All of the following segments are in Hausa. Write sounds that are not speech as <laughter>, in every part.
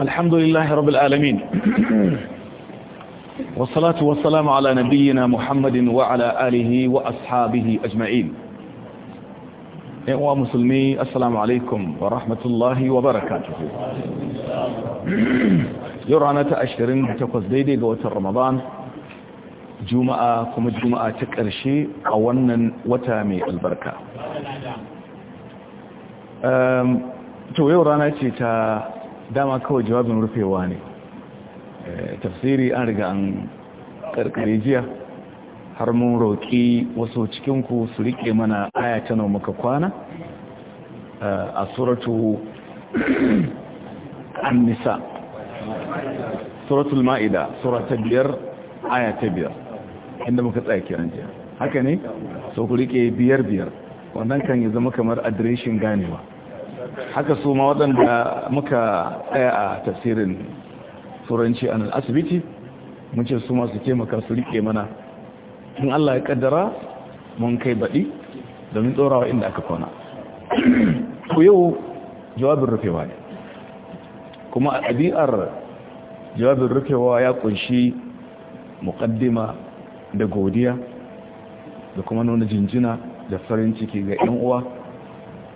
الحمد لله رب العالمين والصلاة والسلام على نبينا محمد وعلى آله وأصحابه أجمعين إخوة مسلمي السلام عليكم ورحمة الله وبركاته يرانا تأشترين بتقوز ديدي قوة رمضان جمعة كم جمعة تكرشي أولا وتامي البركة to yau rana ce ta dama kawai jawabin rufewa ne eh, tafsiri an riga an karkare jiya har mun roƙi wasu cikinku su riƙe mana aya ta nau muka kwana eh, a suratu an-nisa suratul ma'ida surata biyar aya ta biyar inda muka tsaya kiran jiya haka ne so ku riƙe biyar biyar wannan kan ya zama kamar adireshin ganewa haka su ma waɗanda muka tsaya a tasirin turanci a asibiti mun ce su masu taimaka su riƙe mana in Allah ya ƙaddara mun kai baɗi domin tsorawa inda aka kwana ku yau jawabin rufewa ne kuma a ɗabi'ar jawabin rufewa ya ƙunshi muƙaddima da godiya da kuma nuna jinjina da farin ciki ga 'yan uwa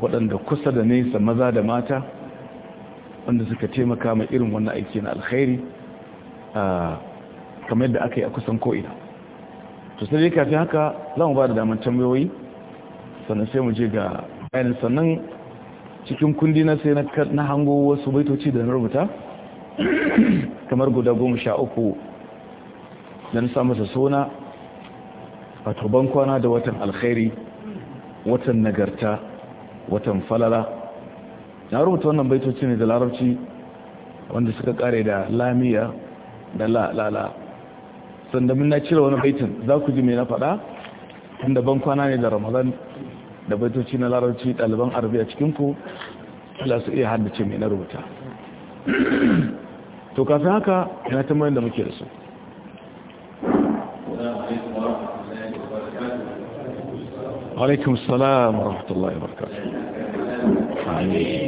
waɗanda kusa da nesa maza da mata wanda suka taimaka mai irin wannan aiki na alkhairi kamar yadda aka yi a kusan ko'ina to sai dai kafin haka za mu ba da damar tambayoyi sannan sai mu je ga bayanin sannan cikin kundi na sai na hango wasu baitoci da na rubuta <coughs> kamar guda goma sha uku da na samu a turban kwana da watan alkhairi watan nagarta watan falala na rubuta wannan baitoci ne da larabci wanda suka kare da lamiya da la'ala min na cire wani baitin za ku ji mai na faɗa inda ban kwana ne da ramadan da baitoci na larabci ɗaliban arabiya cikinku ala su iya haddace mai na rubuta to kafin haka yana tambayin da muke da su alaikum salam wa rahmatullahi wa barakatuh time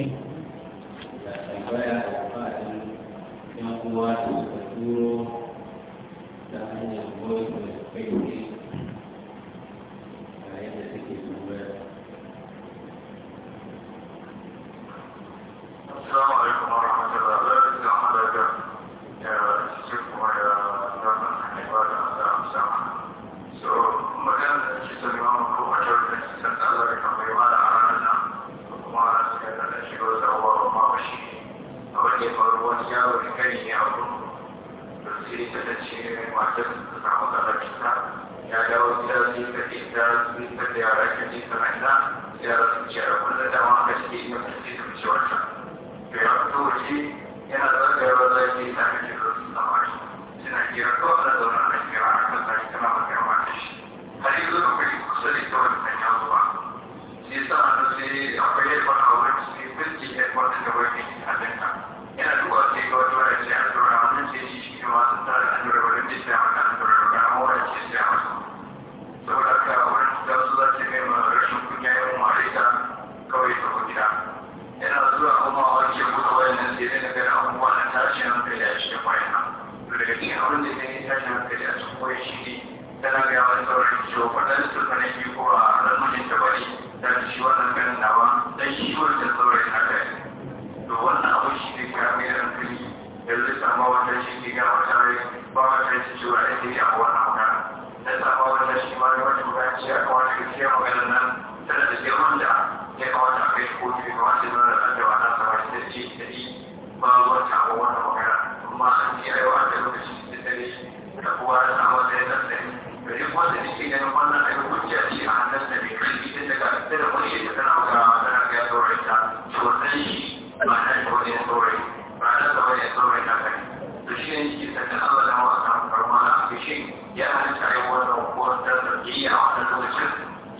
yake sannan Allah da wasu samun farmana a kashe ya halitta wannan da zargi a wannan lokacin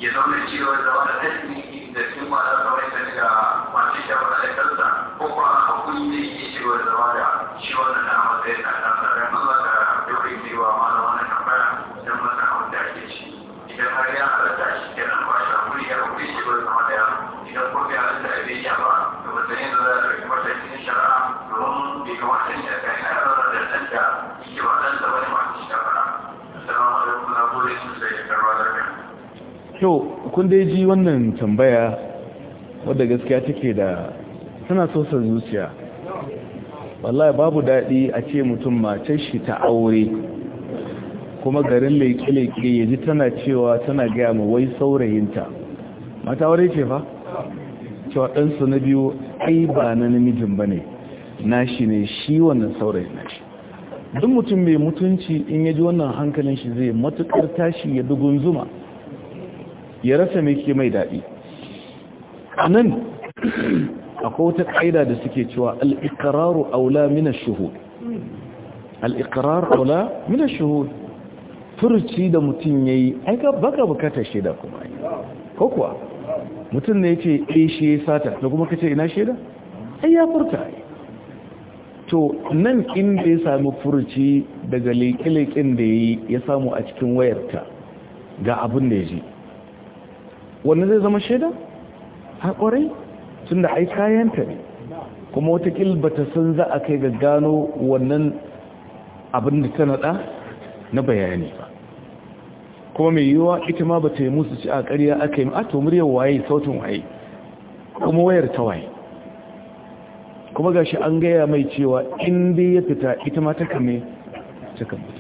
ya zaune cewa da da cin kun dai ji wannan tambaya wadda gaskiya take da tana sosan zuciya wallahi babu daɗi a ce mutum matar shi ta aure kuma garin mai leƙe ya ji tana cewa tana gaya ma wai saurayinta mata aure ce fa cewa ɗansu na biyu ai ba na namijin ba ne nashi ne shi wannan saurayin nashi duk mutum mai mutunci in ya ji wannan hankalin shi zai matuƙar tashi ya dugun zuma ya rasa mai ke mai daɗi A nan akwai wata ƙa'ida da suke cewa al'ikararu aula mina shuhud al'ikararu aula mina shuhud turci da mutum ya yi aika baka bukatar shaida kuma ko kuwa mutum ne ya ce ɗai eh, shi ya sata da kuma kace ina shaida ai ya furta to nan inda ya sami furci daga leƙe-leƙen da ya yi ya samu a cikin wayarta ga abin da ya ji wannan zai zama shaida haƙwarai tun da ai kayanta ne kuma watakil ba ta san za a kai ga gano wannan abin da ta naɗa na bayani ba kuma mai yiwuwa ita ma ba ta yi musu ci a ƙarya aka yi ma to muryar waye sautin waye kuma wayar ta waye kuma gashi an gaya mai cewa in dai ya fita ita ma ta kame ta kame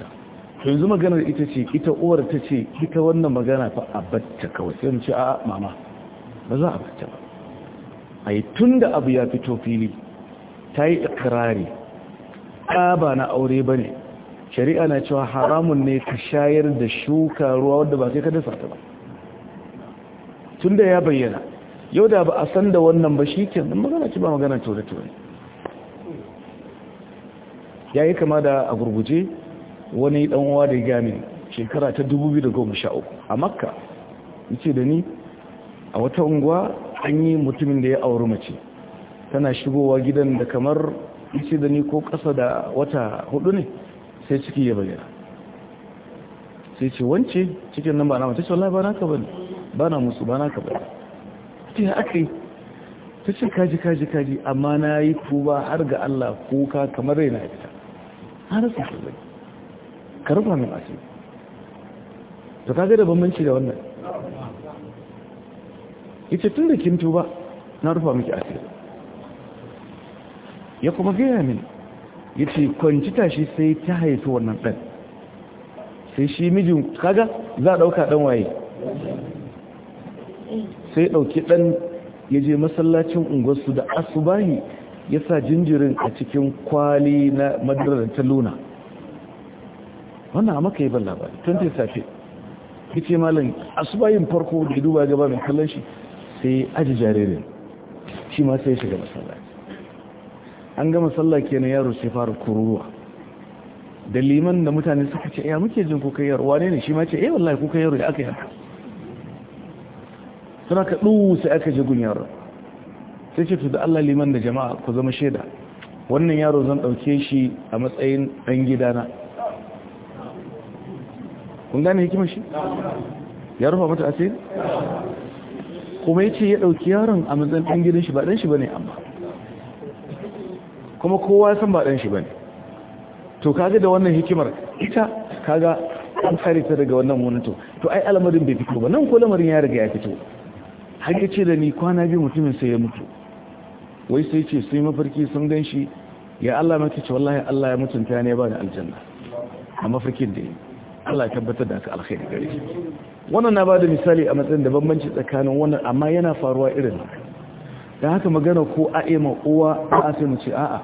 yanzu maganar ita ce ita uwar ta ce ita wannan magana fa a kawai sai ce a mama ba za a abatta ba a yi tun da abu ya fito fili ta yi ikirari ba na aure ba ne shari'a na cewa haramun ne ka shayar da shuka ruwa wadda ba sai ka dasa ta ba tun da ya bayyana yau da ba a san da wannan ba shi ke magana ce ba magana tura-tura ya yi kama da a gurguje wani dan uwa da ya gane shekara ta 2013 a makka yace da ni a wata unguwa an yi mutumin da ya auri mace tana shigowa gidan da kamar yace da ni ko kasa da wata hudu ne sai ciki ya bayyana sai ce wance cikin nan ba na mace wallahi ba ka bane ba na musu ba ka bane ce akai ta ce kaji kaji kaji amma na yi tuba har ga Allah kuka kamar raina ita har sai ka rufa min asiri to kaga da bambanci da wannan ita tun da kin tuba na rufa miki asiri ya kuma gaya min Ya ce kwanci tashi sai ta haifi wannan ɗan. sai shi mijin kaga za a ɗauka ɗan waye sai ɗauki ɗan ya je masallacin unguwarsu da asubahi ya sa jinjirin a cikin kwali na madarar ta luna wannan a maka yi ban labari tun 20 safe ya ce malam asubayin farko da ya duba gaba mai kallon shi sai aji jaririn shi ma sai shiga masallaci an gama sallah kenan yaro sai fara kururuwa da liman da mutane suka ce ya muke jin kuka yaro wane ne shi ma ce eh wallahi kuka yaro da aka yi suna ka ɗu sai aka jigun yaro sai ce to da Allah liman da jama'a ku zama shaida wannan yaro zan ɗauke shi a matsayin ɗan gidana kun gane hikimar shi ya rufa mata asiri kuma ya ce ya ɗauki yaron a matsayin ɗan gidan shi ba ɗan shi ba ne amma kuma kowa ya san ba ɗan shi ba to kaga da wannan hikimar ita kaga an kare ta daga wannan munato to ai al'amarin bai fito ba nan ko lamarin ya riga ya fito har ya ce da ni kwana biyu mutumin sai ya mutu wai sai ce sai mafarki sun gan shi ya Allah ce wallahi Allah ya mutunta ne ba da aljanna a mafarkin da yi Allah ya tabbatar da haka alkhairi gare shi wannan na bada misali a matsayin da bambanci tsakanin wannan amma yana faruwa irin da haka magana ko a ma uwa a sai mu ce a'a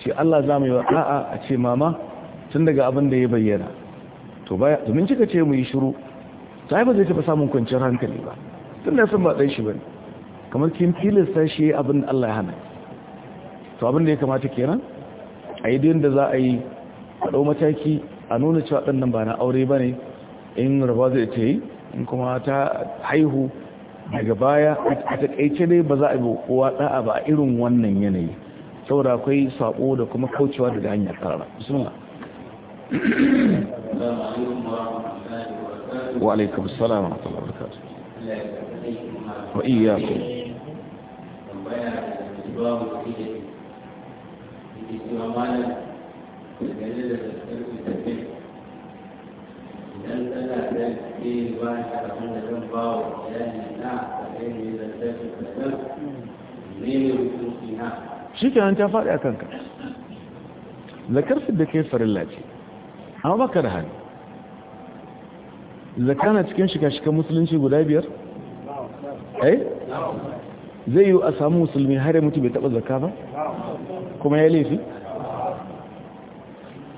ce Allah za mu yi wa a'a a ce mama tun daga abin da ya bayyana to baya domin kika ce mu yi shiru sai ba zai taɓa samun kwanciyar hankali ba tun da sun ba dan shi bane kamar kin tilasta shi abin da Allah ya hana to abin da ya kamata kenan a yi da za a yi a ɗau mataki a nuna cewa ɗan nan ba na aure ba ne in raba zai ta yi in kuma ta haihu daga baya a taƙaice ne ba za a yi kowa ɗa'a ba a irin wannan yanayi saboda akwai saƙo da kuma kaucewa daga hanyar karara wa alaikum salam wa rahmatullahi wa barakatuh shi ke ba ta nan ta faɗi a kanka zakar da ke farilla ce amma baka da hali zakar na cikin shika-shikan musulunci guda biyar? ai? Eh? zai yi a samu musulmi har ya mutu bai taɓa zaka ba? kuma ya laifi?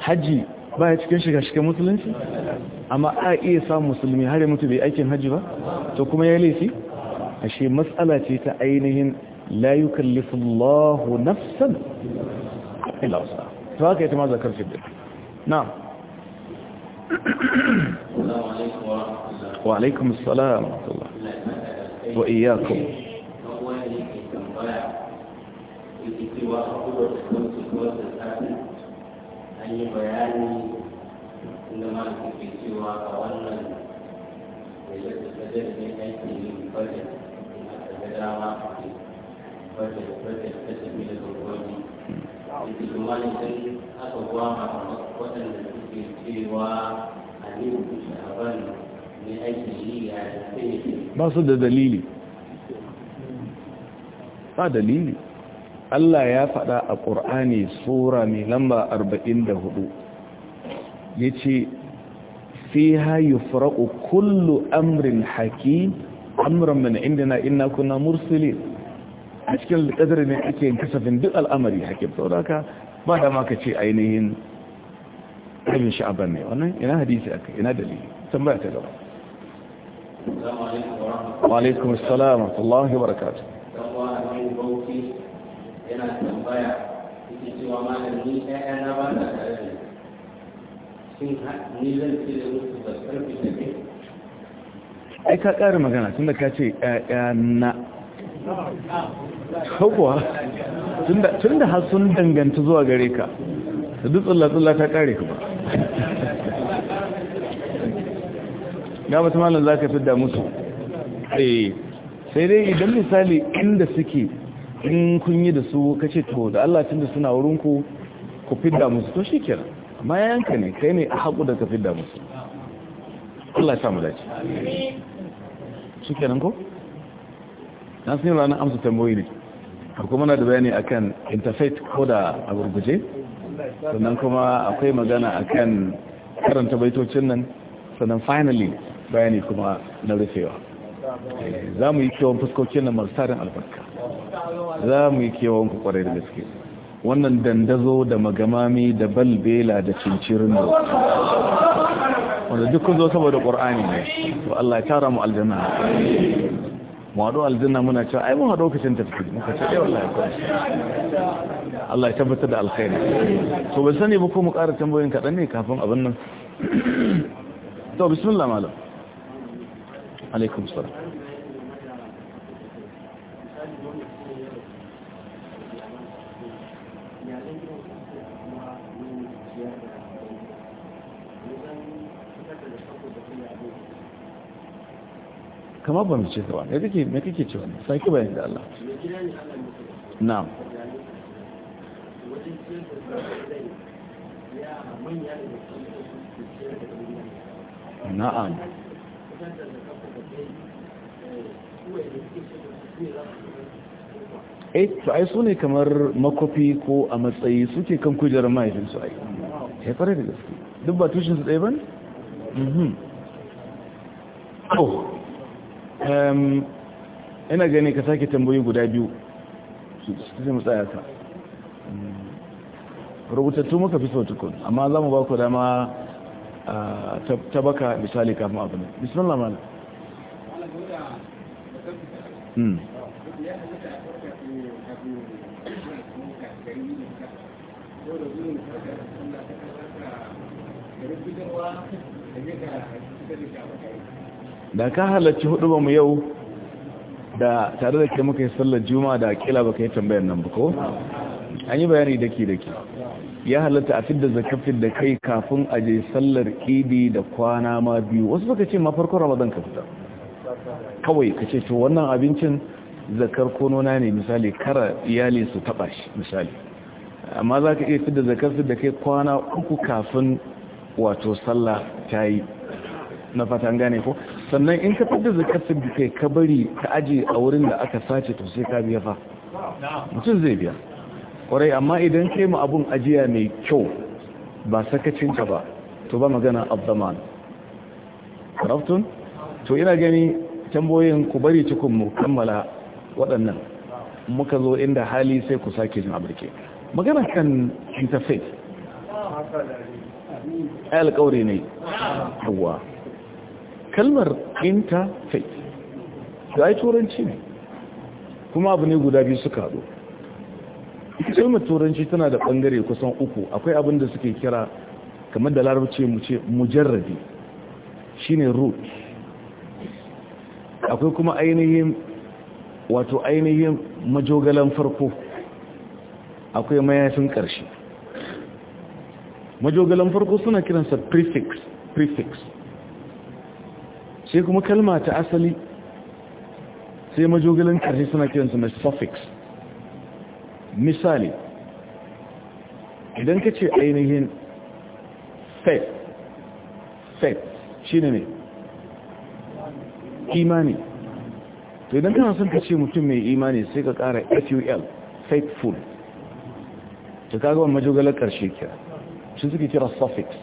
hajji ba ya cikin shiga cikin musulunci amma a iya samun musulmi har ya mutu bai aikin hajji ba to kuma ya laifi ashe matsala ce ta ainihin la yukallifu Allahu nafsan illa to haka ita ma zakar wa alaikum assalam wa rahmatullah wa an yi bayani inda ma da ke cewa a wannan da ya ta da ne aiki yin budget in aka ga dama a ke budget budget ta tafi da gwamnati yake kuma ne sai aka gwama waɗanda suke cewa a yi hukunci a ban ne aiki yi ya ba su da dalili ba dalili Allah ya faɗa a ƙur'ani tsora mai lamba 44 ya ce fi hayu faraƙo kullu amrin haƙi amuran mana inda na ina kuna mursuli a cikin ƙadar ne ake kasafin duk al'amari haƙi tsoraka ba da maka ce ainihin ƙarfin sha'aban ne wannan ina hadisi aka ina dalili tambaya ta gaba wa alaikum wa rahmatullahi wa barakatuh tambaya yake cewa malam ni ɗaya na ba ta tare da shin ni zan ce da musu da karfi da kai ai ka ƙara magana tun da ka ce na kawuwa tun da sun danganta zuwa gare ka da duk tsulla ta ƙare ka ba ga mutum malam za ka fi damu su eh, sai dai idan misali inda suke in kun yi da su kace to da Allah tun da suna wurin ku ku fidda musu to shikenan amma yanka ne kai ne a haƙu da ka fidda musu Allah ya samu dace shikenan ko na sun yi ranar amsa tambayoyi ne kuma na da bayani akan interfaith ko da a gurguje sannan kuma akwai magana akan karanta baitocin nan sannan finally bayani kuma na rufewa eh, za mu yi kyawun fuskokin na marsarin albarka za mu yi kewan ku kwarai da gaske wannan dandazo da magamami da balbela da cincirin da wanda duk zo saboda ƙur'ani ne to Allah ya tara mu aljanna mu haɗo aljanna muna cewa ai mun haɗo kashin tafi muka ce ai eh, wallahi ko Allah ya tabbatar da alkhairi to ban sani ba ko mu ƙara tambayoyin kaɗan ne kafin abin nan to bismillah malam alaikum salam kamar ba mu ce ka ba ne kake me kake cewa ke bayani da Allah na'am na'am eh to ai su ne kamar makofi ko a matsayi suke kan kujerar mahaifinsu ai ya eh, fara da gaske duk ba tushensu ɗaya ba ne? mhm oh ina gani ka sake tambayi guda biyu su sai mu tsaya ka rubutattu muka fi sautukun amma za mu ba ku dama ta baka misali kafin abu ne bismillah mana da ka halarci hudu ba mu yau da tare da ke muka yi sallar juma da kila ka yi tambayar nan ba ko an yi bayani daki daki ya halatta a fidda zakafin da kai kafin a je sallar idi da kwana ma biyu wasu suka ce ma farkon ramadan ka fita kawai ka ce to wannan abincin zakar konona ne misali kara iyali su taba shi misali amma za ka iya fidda zakafin da kai kwana uku kafin wato sallah ta yi na fatan gane ko sannan in ka fadda zakatun da kai ka bari ka aji a wurin da aka sace to sai ka biya fa mutum zai biya kwarai amma idan ka yi abun ajiya mai kyau ba ka ba to ba magana abdaman raftun to ina gani tamboyin ku bari cikin mu kammala waɗannan muka zo inda hali sai ku sake jin abirke magana kan interface alƙawari ne kalmar interfaith da ai turanci ne kuma abu ne guda biyu suka haɗu kalmar turanci tana da bangare kusan uku akwai abin da suke kira kamar da larabci mu ce mujarrabi shine root akwai kuma ainihin wato ainihin majogalan farko akwai mayafin ƙarshe majogalan farko suna kiransa prefix prefix sai kuma kalma ta asali sai majogilin karshe suna kiransu na suffix misali idan ka ce ainihin fed fed shi ne imani to idan kana son ka ce mutum mai imani sai ka kara ful faithful ta kagawar majogalar karshe kira shi suke kira suffix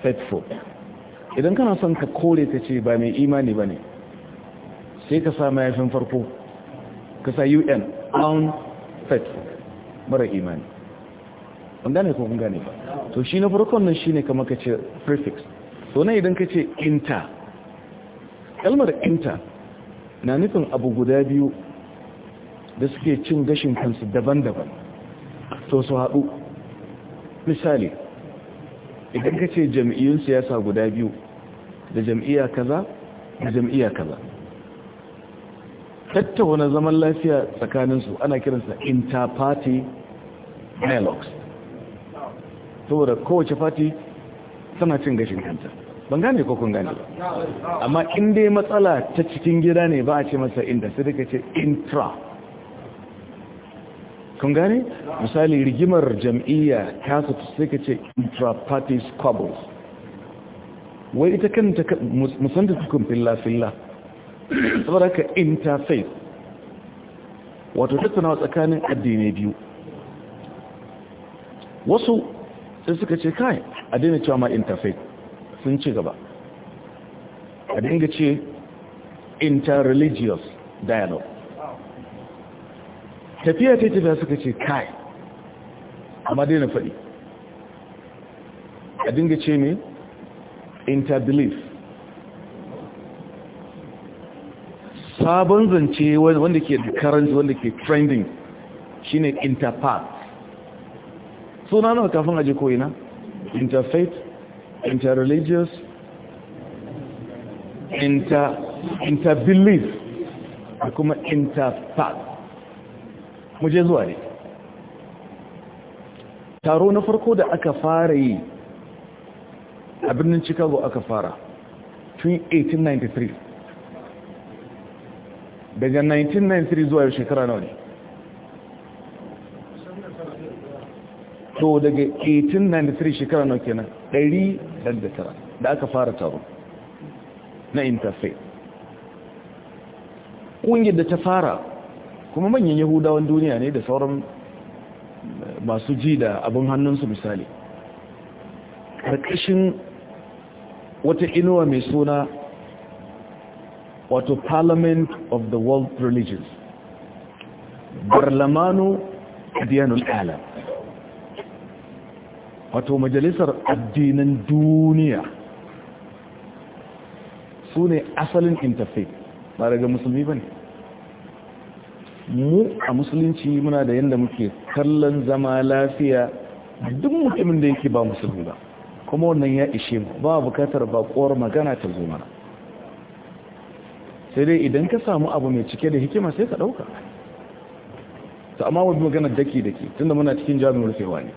faithful idan kana son ka kore ta ce ba mai imani ba ne sai ka sa mayafin farko ka sa un on fet mara imani an gane ko kun gane ba to shi na farko nan shine kamar ka ce prefix to nan idan ka ce inta kalmar Inter na nufin abu guda biyu da suke cin gashin kansu daban-daban to su haɗu misali idan ka ce jam'iyyun siyasa guda biyu da jam'iyya kaza da jam'iyya kaza tattauna zaman lafiya tsakaninsu ana kiransa interparty dialogues da kowace fati tana cin gashin kanta ban gane ko kun gane amma in dai matsala ta cikin gida ne ba a ce masa inda sai daga ce intra kun gane misali rigimar jam'iyya kasa sai ka ce intra party squabbles wai ita kanta musanta cikin filla-filla saboda ka interfaith wato tattaunawa tsakanin addinai biyu wasu sai suka ce kai a daina cewa ma interfaith sun ci gaba a dinga ce interreligious dialogue tafiya ta tafiya suka ce kai amma daina faɗi a dinga ce ne interbelief sabon zance wanda ke current wanda ke trending shine interpath suna nawa kafin koyi na interfaith interreligious inter interbelief da kuma interpath muje zuwa ne taro na farko da aka fara yi a birnin chicago aka fara tun 1893 daga 1993 zuwa shekara nawa ne to daga 1893 shekara nawa kenan 100 da aka fara taro na interfaith ƙungiyar da ta fara kuma manyan yahudawan duniya ne da sauran eh, masu ji da abin hannunsu misali ƙarƙashin wata inuwa mai suna wato parliament of the world religions barlamanu adiyanul alam wato majalisar addinan duniya su ne asalin interfaith ba daga musulmi ba ne mu a musulunci muna da yadda muke kallon zama lafiya duk mutumin da yake ba musulmi ba kuma wannan ya ishe mu ba bukatar bakuwar magana ta zo mana sai dai idan ka samu abu mai cike da hikima sai ka dauka ta amma wani magana daki daki tunda muna cikin jami'ar rufewa ne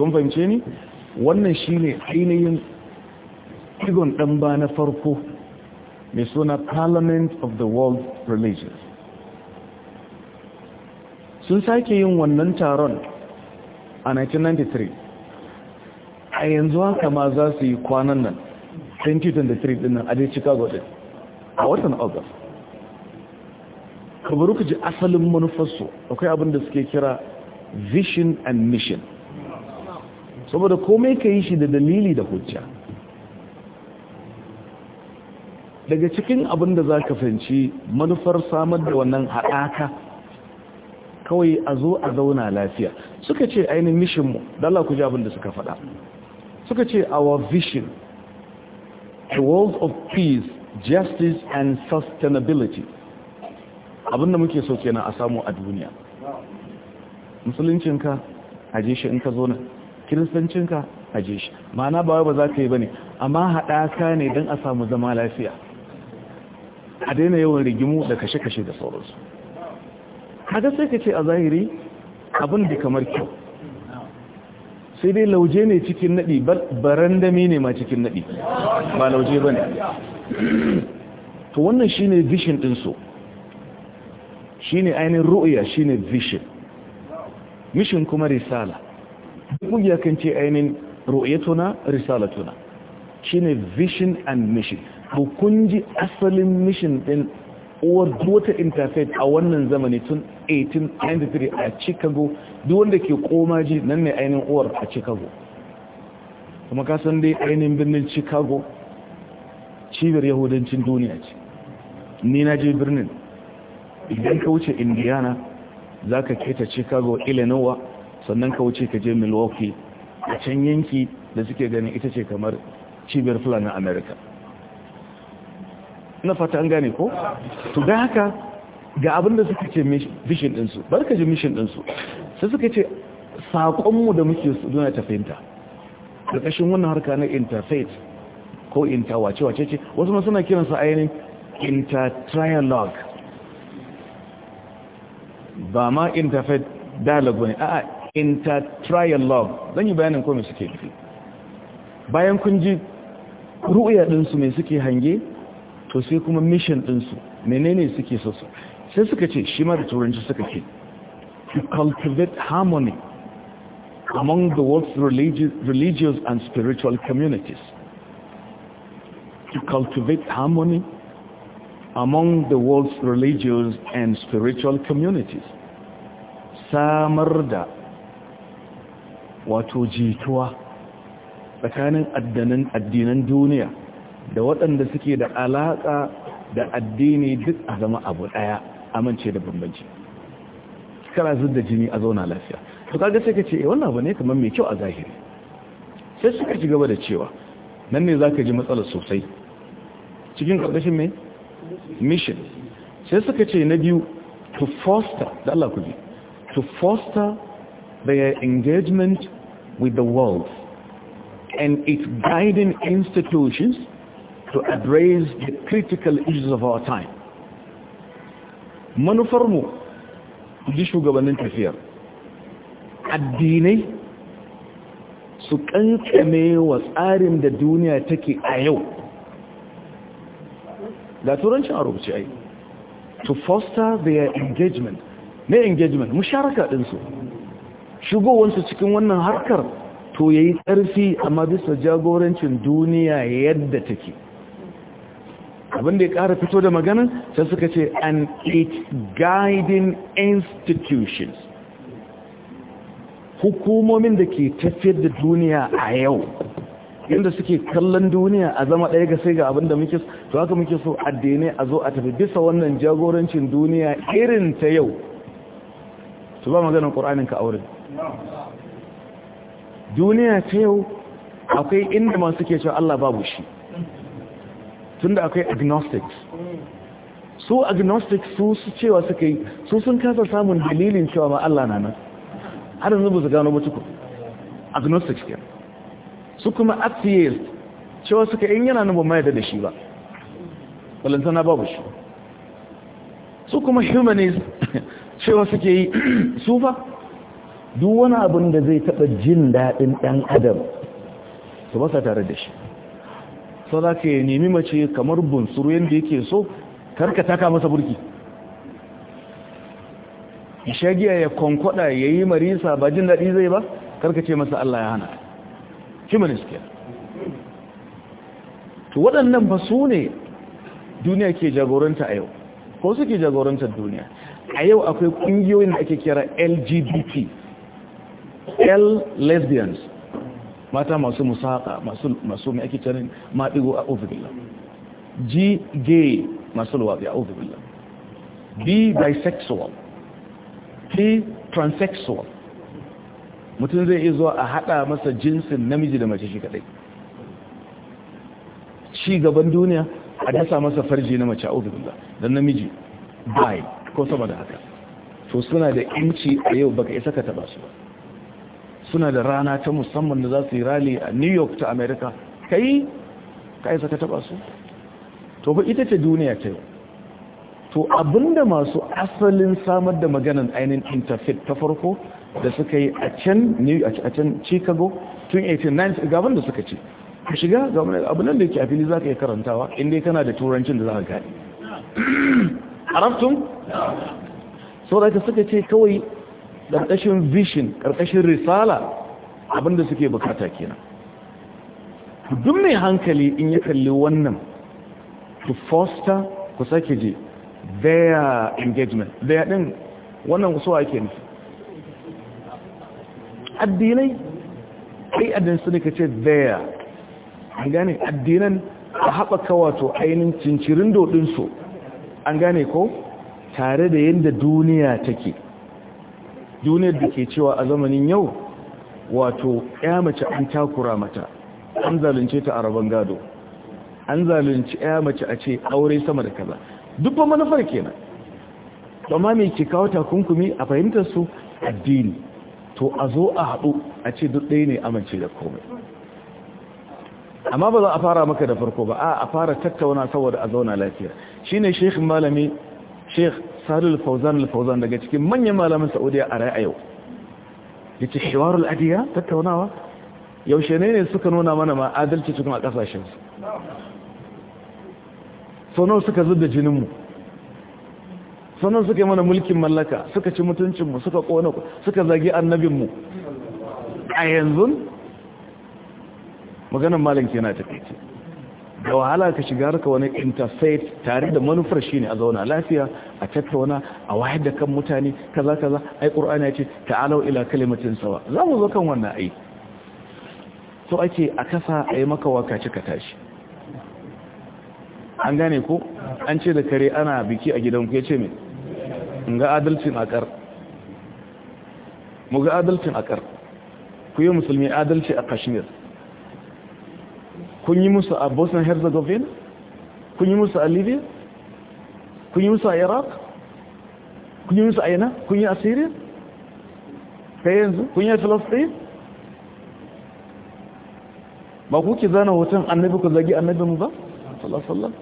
kun fahimce ni wannan shi ne ainihin igon dan ba na farko mai suna parliament of the world religions sun sake yin wannan taron a 1993 a yanzu haka ma za su yi kwanan nan 2023 dinnan a dai chicago din a watan august kabaru ka ji asalin manufarsu akwai abin da suke kira vision and mission saboda komai ka yi shi da dalili da hujja daga cikin abin da za ka fahimci manufar samar da wannan haɗaka kawai a zo a zauna lafiya suka ce ainihin mishinmu dala ku ji abin da suka faɗa suka ce our vision a world of peace justice and sustainability abinda muke so kenan a samu a duniya musuluncinka aje shi in ka zo nan kiristancinka aje shi ma'ana ba ba za ka yi ba ne amma haɗaka ne don a samu zama lafiya a daina yawan rigimu da kashe-kashe da sauransu haka sai ka ce a zahiri abin da kamar kyau sai dai lauje ne cikin naɗi barandami ne ma cikin naɗi ba lauje ba ne to wannan shi ne vision ɗinsu shi ne ainihin ru'uya shi ne vision mishin kuma risala ƙungiya kan ce ainihin ru'uyatuna risalatuna shi ne vision and mission kun ji asalin mishin ɗin uwar wata interfaith a wannan zamani tun 1893 a chicago duk wanda ke ji nan ne ainihin uwar a chicago kuma kasan dai ainihin birnin chicago cibiyar yahudancin duniya ce ni na je birnin idan ka wuce indiana za ka keta chicago illinois sannan ka wuce ka je milwaukee a can yanki da suke ganin ita ce kamar cibiyar fulani america na fata an gane ko to da haka ga abin da suka ce mission su barka ji mission su sai suka ce mu da muke su duna ta fahimta ƙarƙashin wannan harka na interfaith ko interwace wace ce wasu ma suna kiransa ainihin intertrialogue ba ma interfaith dialogue ne a'a intertrialogue zan yi bayanin ko me suke nufi bayan kun ji ru'uya ɗinsu me suke hange to sai kuma mission ɗinsu menene suke so su sai suka ce shi ma da turanci suka ce to cultivate harmony among the world's religious, and spiritual communities to cultivate harmony among the world's religious and spiritual communities samar da wato jituwa tsakanin addinan duniya da waɗanda suke da alaƙa da addini duk a zama abu ɗaya amince da bambanci kana zuwa da jini a zauna lafiya to kaga sai ka ce eh wannan abu ne kamar mai kyau a zahiri sai suka ci gaba da cewa nan ne zaka ji matsalar sosai cikin karkashin me mission sai suka ce na biyu to foster da Allah ku ji to foster their engagement with the world and its guiding institutions to address the critical issues of our time manufarmu ji shugabannin tafiyar addinai su kankame wa tsarin da duniya take a yau da turancin a rubuce ai to foster their engagement na engagement musharaka ɗinsu shigowansu cikin wannan harkar to yayi ƙarfi amma bisa jagorancin duniya yadda take Abin da ya kara fito da magana sai suka ce an it guiding institutions hukumomin da ke tafiyar da duniya a yau inda suke kallon duniya a zama ɗaya ga sai ga abin da muke to haka muke so addinai a zo a tafi bisa wannan jagorancin duniya irin ta yau su ba maganin ƙoranin ka aure duniya ta yau akwai inda masu ke cewa Allah babu shi tunda akwai agnostics su agnostics su su cewa suka yi su sun kasa samun dalilin cewa ma Allah na nan har yanzu ba su gano ba tukun agnostics ke su kuma atheist cewa suka in yana nan ba mai da shi ba balantana babu shi su kuma humanist <coughs> cewa suke yi <coughs> su fa duk wani abin da zai taɓa jin daɗin ɗan adam su ba sa tare da shi sau za ka nemi mace kamar bunsuru yadda yake so karka taka masa burki shagiya ya kwankwada ya yi marisa ba jin daɗi zai ba karka ce masa Allah ya hana humanist ke to waɗannan ba su ne duniya ke jagoranta a yau ko suke jagorantar duniya a yau akwai ƙungiyoyin da ake kira lgbt l lesbians mata masu musaka masu masu mai ake canin maɗigo a ofibillah g gay masu luwaɗi a ofibillah b bisexual p transsexual mutum zai iya zuwa a haɗa masa jinsin namiji da mace shi kaɗai ci gaban duniya a dasa masa farji na mace a ofibillah don namiji bai ko sama da haka to suna da inci a yau baka isa ka taba su ba suna da rana ta musamman da za su yi rali a new york ta america yi ka isa ka taba su to ba ita ce duniya ta yau to abinda masu asalin samar da maganin ainihin interfaith ta farko da suka yi a can chicago tun gaban da suka ce ka shiga gaban abinan da yake a fili za ka yi karantawa inda kana da turancin da za ka gani <coughs> arabtun sau da suka ce kawai ƙarƙashin vision ƙarƙashin risala abinda suke bukata kenan duk mai hankali in ya kalli wannan to foster ku sake je their engagement their din wannan su ake nufi addinai ai addinai su ne ka ce their an gane addinan a haɓaka wato ainihin cincirin dodinsu an gane ko tare da yadda duniya take duniyar da ke cewa a zamanin yau wato ya mace an takura mata an zalunce ta a rabon gado an zalunci ya mace a ce aure sama da kaza dubba manufar kenan amma mai ke kawo takunkumi a fahimtar su addini to a zo a haɗu a ce duk ɗaya ne amince da komai amma ba za a fara maka da farko ba a fara tattauna saboda a zauna lafiya shine sheikh malami sheikh salul fauzan al-fauzan daga cikin manyan malaman saudiya a ra'ayi yau yace hiwarul adiya tattaunawa yaushe ne ne suka nuna mana ma adalci cikin a kasashen su sono suka zuba jinin mu sono suka yi mana mulkin mallaka suka ci mutuncin mu suka kona suka zagi annabin mu a yanzu maganar malam kenan tafiye da wahala ka shiga harka wani interfaith tare da manufar shi ne a zauna lafiya a tattauna a wayar da kan mutane kaza kaza ai qur'ani ya ce ta'alau ila kalimatin sawa za mu zo kan wannan ai to ake a kasa ai maka waka cika tashi an gane ko an ce da kare ana biki a gidanku ya ce me ga adalcin akar mu ga adalcin akar ku yi musulmi adalci a kashmir kun yi musu a bosnia herzegovina kun yi musu a libya kun yi musu a iraq kun yi musu a yana kun yi a syria kai yanzu kun yi a philistine ba kuke zana hoton annabi ku zagi annabinmu ba sallallahu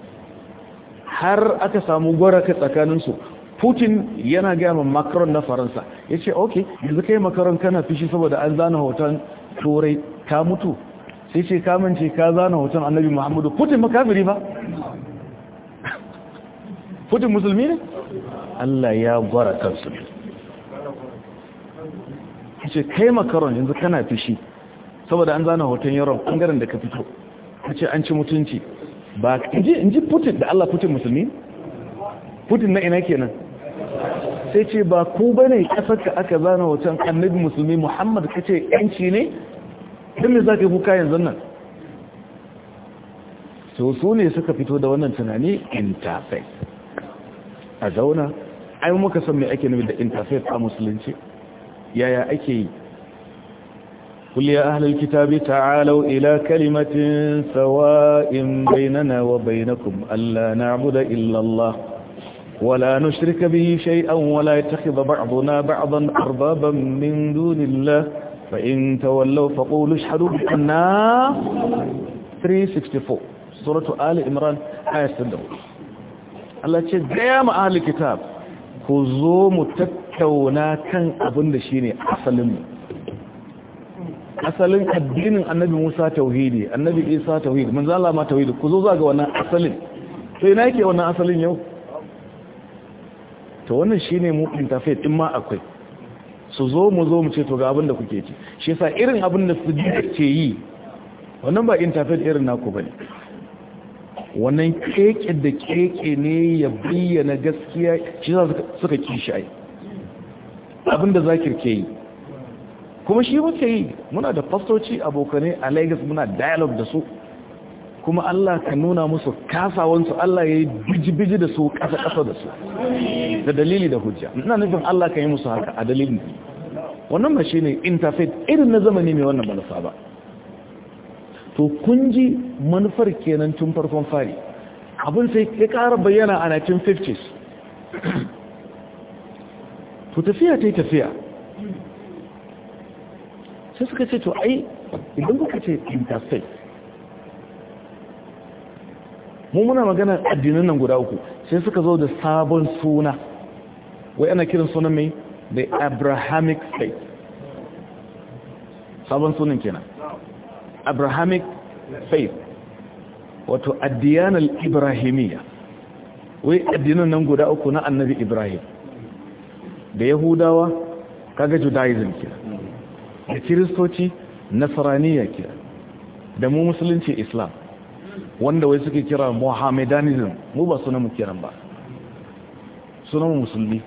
har aka samu gwaraka tsakaninsu putin yana gaya ma macron na faransa ya ce ok yanzu kai macron kana fishi saboda an zana hoton turai ta mutu sai ce kamun ce ka zana hoton annabi muhammadu putin makamiri ba putin musulmi ne Allah ya gwara kansu ce kai makaron yanzu kana fishi saboda an zana hoton yaron ɓangaren da ka fito ka ce an ci mutunci ba in ji putin da Allah putin musulmi putin na ina kenan sai ce ba ku bane kasar ka aka zana hoton annabi musulmi Muhammadu ka ce yanci ne tunin za ka yi kuka yanzu nan so ne suka fito da wannan tunani interfait a zauna ai muka san mai ake nufi da interfait a musulunci yaya ake yi kuliya ahalar kitabi ta'alau ila kalimatin sawa'in bainana wa bainakum Allah na'buda illallah wala nushrika bihi shay'an wala yattakhidha ba'duna ba'dan arbaban min dunillahi fa in فقولوا اشهدوا بأننا 364 suratu آل imran آية 64 Allah ce gaya آل ahli kitab متكونا zo mu tattauna kan abin da asalin mu asalin addinin annabi Musa tauhidi annabi Isa tauhidi manzo Allah ma tauhidi ku zo ga wannan asalin sai na yake wannan asalin yau to wannan shine mu ma akwai su zo mu zo mu ce to ga abin da kuke ci shi yasa irin abin da su ji ke yi wannan ba interfaith irin naku bane wannan keke da keke ne ya bayyana gaskiya shi yasa suka shi ai abin da zakir ke yi kuma shi muke yi muna da fastoci abokanai a Lagos muna dialogue da su kuma Allah ka nuna musu kasawansu Allah ya yi biji-biji da su ƙasa-ƙasa da su da dalili da hujja ina nufin Allah ka yi musu haka a dalilin da wannan ba shi ne interfaith irin na zamani mai wannan manufa ba to kun ji manufar kenan tun farkon fari abin sai ya ƙara bayyana a 1950s <clears throat> to tafiya ta yi tafiya sai suka ce to ai idan kuka ce interfaith mu muna maganar addinan nan guda uku sai suka zo da sabon suna wai ana kiran sunan mai the abrahamic faith sabon sunan kenan abrahamic faith wato addiyanar ibrahimiyya wai addinan nan guda uku na annabi ibrahim da yahudawa kaga judaism kira da kiristoci nasaraniya kira da mu musulunci islam wanda wai suke kira mohamedanism mu ba suna mu kiran ba mu musulmi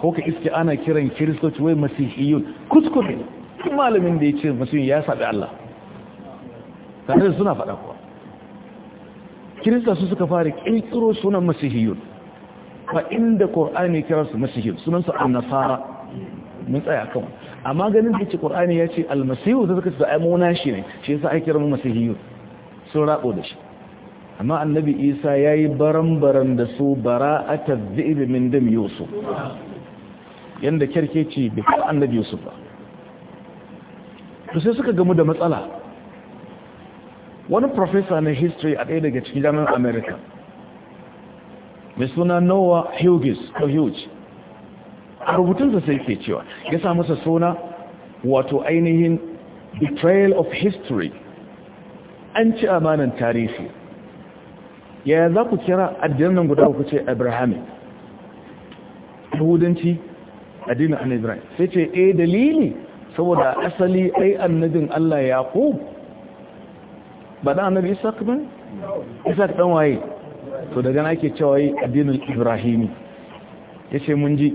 ko ka iske ana kiran kiristoci wai masihiyun kuskure duk malamin da ya ce masihiyun ya saɓi Allah tare da suna faɗa kuwa kirista su suka fara ƙirƙiro sunan masihiyun fa inda ƙor'ani kira su masihiyun sunansu annasara mun tsaya kan amma ganin da ya ce ƙor'ani ya ce almasihu da suka ce ai mu shi ne shi yasa ai kira mu masihiyun sun rabo da shi amma annabi isa ya yi baran-baran da su bara a tazzibi min dam yusuf yadda kyarkeci bai kan annabi yusuf ba to sai suka gamu da matsala wani profesa na history a ɗaya daga cikin jami'an america mai suna noah hughes ko huge a rubutunsa sai ke cewa ya sa masa suna wato ainihin betrayal of history an ci amanan tarihi yaya za ku kira addinan guda ku ce abrahamic yahudanci addinin an sai ce eh dalili saboda asali ai annabin allah yaqub ba da annabi isaac ba isaac dan waye to daga na ake cewa addinin ibrahimi yace mun ji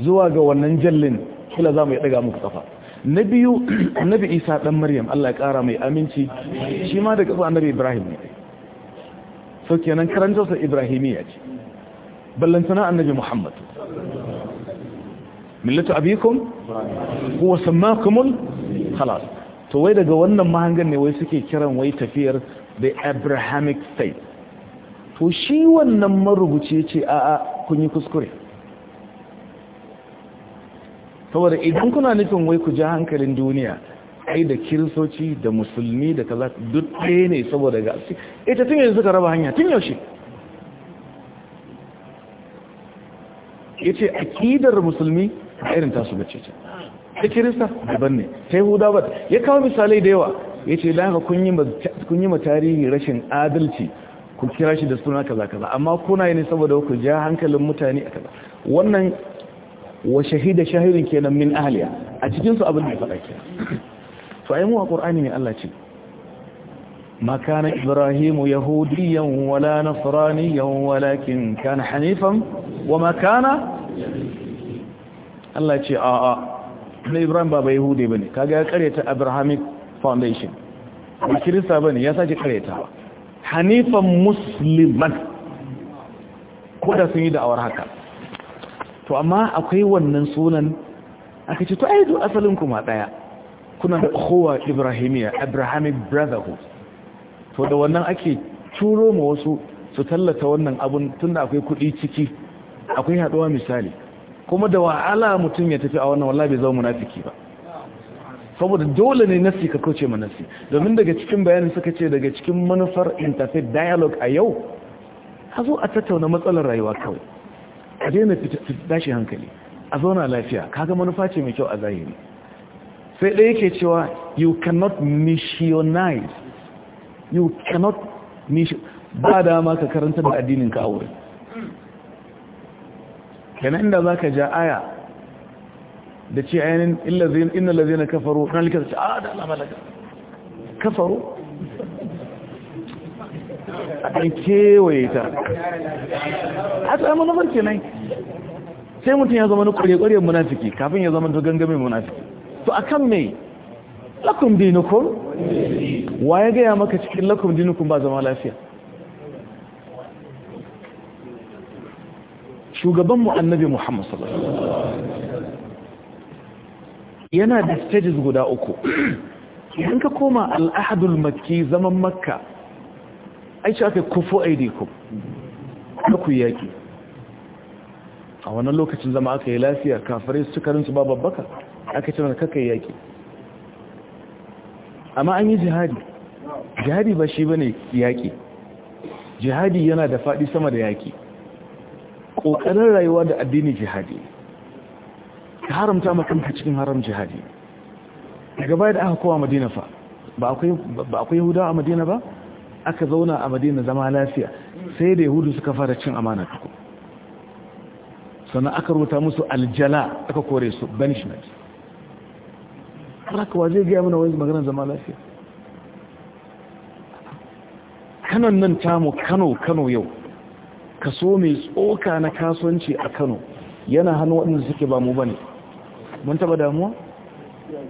zuwa ga wannan jallin kila za mu yi daga muku kafa na biyu annabi isa dan maryam Allah ya kara mai aminci shi ma daga zuwa annabi ibrahim ne so kenan karantarsa ibrahimiyya ce ballantana annabi muhammad millatu abikum huwa sammakumul khalas to wai daga wannan mahangan ne wai suke kiran wai tafiyar the abrahamic faith to shi wannan marubuci ce a a kun yi kuskure saboda idan kuna nufin wai ku ja hankalin duniya ai da kiristoci da musulmi da kaza duk ɗaya ne saboda ga ita tun yanzu suka raba hanya tun yaushe ya ce akidar musulmi a irin tasu bace ce ta kirista daban ne ta yahuda ba ya kawo misalai da yawa ya ce da haka kun yi matarihi rashin adalci ku kira shi da suna kaza kaza amma kuna yi ne saboda ku ja hankalin mutane a kaza wannan wa shahida shahirin kenan min ahliya a cikin su abin da ya faɗa to ai mu a qur'ani ne Allah ce ma kana ibrahimu yahudiyan wala nasraniyan walakin kana hanifan wa ma kana Allah ce a a ne ibrahim baba ba yahude bane kaga ya kareta abrahamic foundation ba kirista bane ya sake kareta hanifan musliman ko da sun yi da'awar haka to amma akwai wannan sunan aka ce to ai duk asalin kuma daya kuna da kowa ibrahimiya abrahamic brotherhood to da wannan ake turo ma wasu su tallata wannan abun tunda akwai kuɗi ciki akwai haɗuwa misali kuma da wa'ala mutum ya tafi a wannan wallahi bai zama munafiki ba saboda dole ne nasi ka kauce ma nasi domin daga cikin bayanin suka ce daga cikin manufar interfaith dialogue a yau a zo a tattauna matsalar rayuwa kawai ka daina tashi hankali a zauna lafiya kaga manufa ce mai kyau a zahiri sai ɗaya ke cewa you cannot missionize you cannot ba dama ka karanta da addinin a wurin kenan inda za ka ja aya da ce ayanin inna lazina kafaru na likata ce a ah, da alamalaka kafaru a kewaye ta a tsaye manufar ke nan sai mutum ya zama na ƙwarye munafiki kafin ya zama gangamin munafiki to a kan mai lakun dinukun wa ya gaya maka cikin lakun dinukun ba zama lafiya shugaban mu annabi muhammad sallallahu alaihi yana da stages guda uku idan ka koma al'ahadul makki zaman makka ai ce aka kufu aidikum ku yaki a wannan lokacin zama aka yi lafiya kafirai su karinsu ba babbaka aka ce kai yaki amma an yi jihadi jihadi ba shi bane yaki jihadi yana da faɗi sama da yaki kokarin rayuwa da addini jihadi ka haramta makanka cikin haram jihadi daga baya da aka kowa madina fa ba akwai yahudawa a madina ba aka zauna a madina zama lafiya sai da yahudu suka fara cin amana tuku sannan aka rubuta musu aljala aka kore su banishment harakawa zai gaya mana wani maganar zama lafiya kanon nan tamu kano kano yau kaso mai tsoka na kasuwanci a kano yana hannu waɗanda suke ba mu ba ne mun taɓa damuwa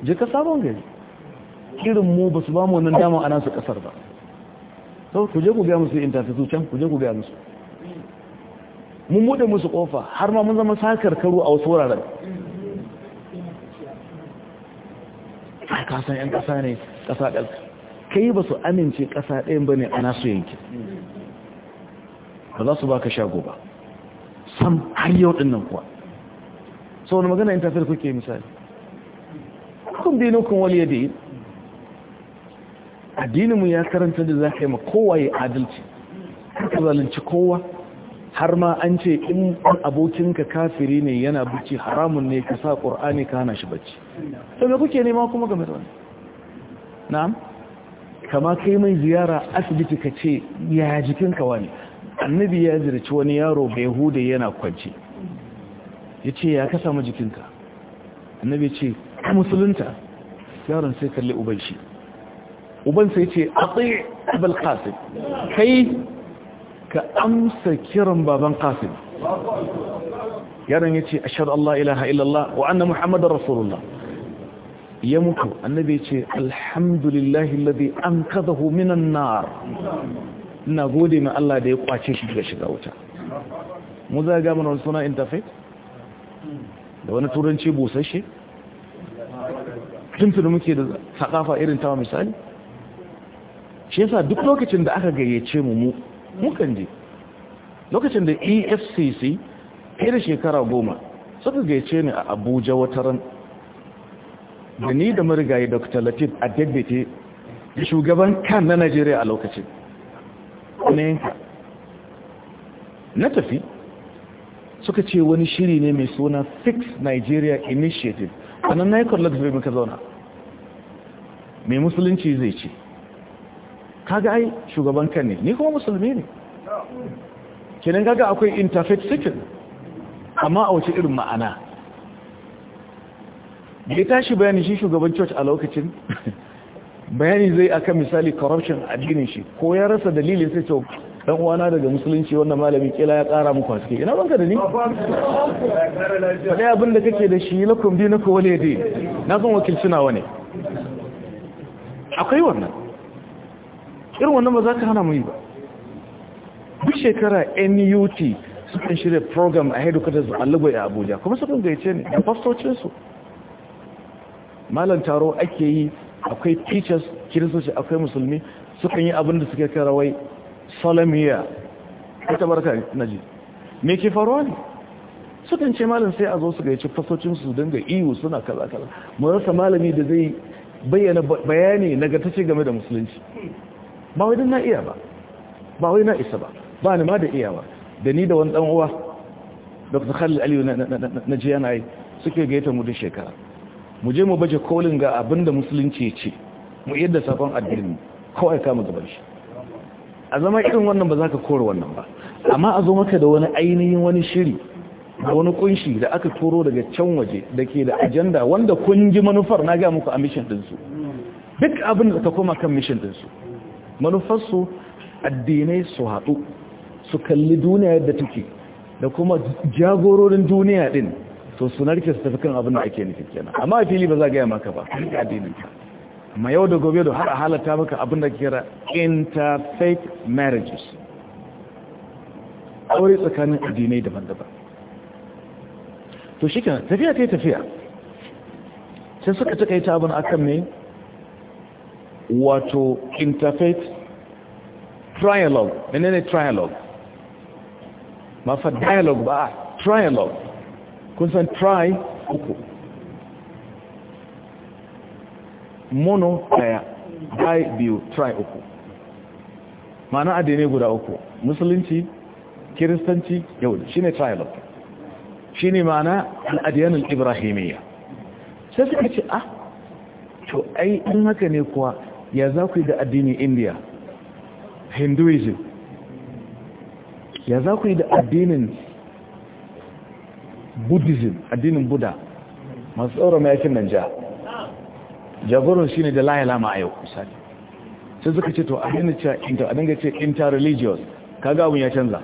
je ka sabon gari irin mu ba su ba mu wannan damar a nasu ƙasar ba to ku je ku ga musu intattattu can ku je ku ga musu mun bude musu kofa har ma mun zama sakar karu a wasu wuraren ai san yan kasa ne ƙasa ɗan kai ba su amince ƙasa ɗayan ba ne a nasu yanki ba za su ba ka shago ba sam har yau ɗin nan kuwa sau wani magana in tafiyar kuke misali kun bi kun wali yadda yi. addininmu ya karanta da za ka yi ma kowa ya adalci ka zalunci kowa har ma an ce in abokinka kafiri ne yana bacci haramun ne ka sa ƙur'ani ka hana shi bacci to me kuke nema kuma game da wani na'am kama kai mai ziyara asibiti ka ce ya jikinka wani annabi ya zirci wani yaro bai hude yana kwanci ya ce ya kasa ma jikinka annabi ce musulunta yaron sai kalli uban ubansa ya ce tsaye abul kasir kai ka amsa kiran baban kasir yaron ya ce a shar Allah ilaha illallah wa annan muhammadar rasulullah ya mutu annabi ya ce alhamdulillahi alladhi anqadhahu minan na na gode ma Allah da ya kwace shi daga shiga wuta mu za ga mana suna interfaith da wani turanci busasshe tuntun muke da sakafa irin tawa misali shi yasa duk lokacin da aka gayyace mu mu mukan je lokacin da efcc fiye da shekara goma suka gayyace ni a abuja wataran da ni da marigayi dr latif a daddake shugaban kan na najeriya a lokacin ne na tafi suka ce wani shiri ne mai suna fix nigeria initiative a nan na yi kwallo da muka zauna mai musulunci zai ce kaga ai shugaban kan ne ni kuma musulmi ne kenan kaga akwai interfaith sikin amma a wace irin ma'ana ya tashi bayani shi shugaban church a lokacin <laughs> bayani zai aka misali corruption a ginin shi ko ya rasa dalilin sai to dan uwana daga musulunci wannan malami kila ya kara muku haske ina banka da ni sai abin da kake da shi lakum dinakum waliyadi na san wakilci nawa ne akwai wannan irin wannan ba za ka hana mai ba duk shekara nut sukan shirya program a zuwa alibai a abuja kuma sukan gaice ne da fastocinsu malam taro ake yi akwai teachers shi akwai musulmi sukan yi abin da suke karawai solomia ita barka na ji me ke faruwa ne sukan ce malam sai a zo su gaici fasocinsu su dinga iyu suna kaza kaza mu rasa malami da zai bayyana bayani nagartacce game da musulunci ba wai na iya ba ba wai na isa ba ba ni ma da iyawa da ni da wani dan uwa dr khalil aliyu na jiya suke gaita mu da shekara mu je mu baje kolin ga abinda musulunci ya ce mu yadda sakon addini kawai kama gaban shi a zama irin wannan ba za ka kore wannan ba amma a zo maka da wani ainihin wani shiri da wani kunshi da aka turo daga can waje da ke da ajanda wanda kun ji manufar na ga muku a mishin ɗinsu duk abin da ka koma kan mishin ɗinsu manufarsu addinai su haɗu su kalli duniya yadda take da kuma jagororin duniya din to su narke su tafi kan abin da ake nufi kenan amma a fili ba za gaya maka ba ka addinin ka amma yau da gobe da har a halatta maka abin da kira interfaith marriages aure tsakanin addinai daban-daban to shi tafiya ta yi tafiya sai suka takaita a akan mai wato interfaith trialogue menene trialogue mafa dialogue ba trialogue kun san try uku mono daya try biyu try uku ma'ana adini guda uku musulunci kiristanci yau shine trialogue ne ma'ana al'adiyanin Ibrahimiyya sai suka ce ah to ai in haka ne kuwa ya za ku yi da addinin india hinduism ya za ku yi da addinin buddhism addinin buddha masu tsoron mayakin nan ja jagoron shi ne da laye lama a yau misali sai suka ce to a hannun cewa a dinga ce interreligious kaga abin ya canza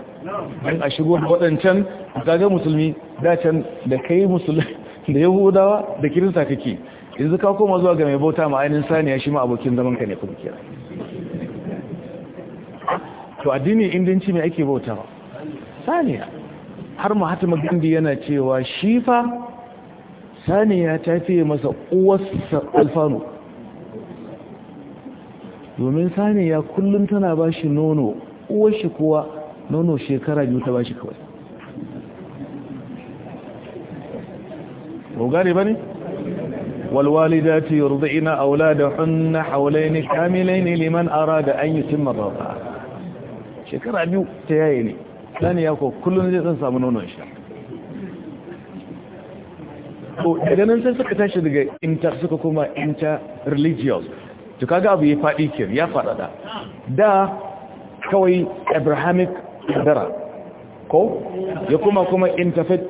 don a shigo da waɗancan kaga musulmi can da kai musulmi da yahudawa da kirista kake yanzu ka koma zuwa ga mai bauta ma saniya shi ma abokin zaman ka ne kuma kira to addini indinci mai ake bauta ba saniya har mahatma gindi yana cewa shi fa saniya ta fiye masa uwarsa alfano domin saniya kullum tana ba shi nono uwarshi kuwa nono shekara biyu ta ba shi kawai ba ba ne? والوالدات يرضعن أولادهن حولين كاملين لمن أراد أن يتم الرضاعة شكرا بيو تيايني ثاني يقول كل نزيد أنسى من هنا إشتاك idan nan sai suka tashi daga inter suka kuma inter religious to kaga abu ya faɗi kir ya faɗaɗa da kawai abrahamic dara ko ya kuma kuma interfaith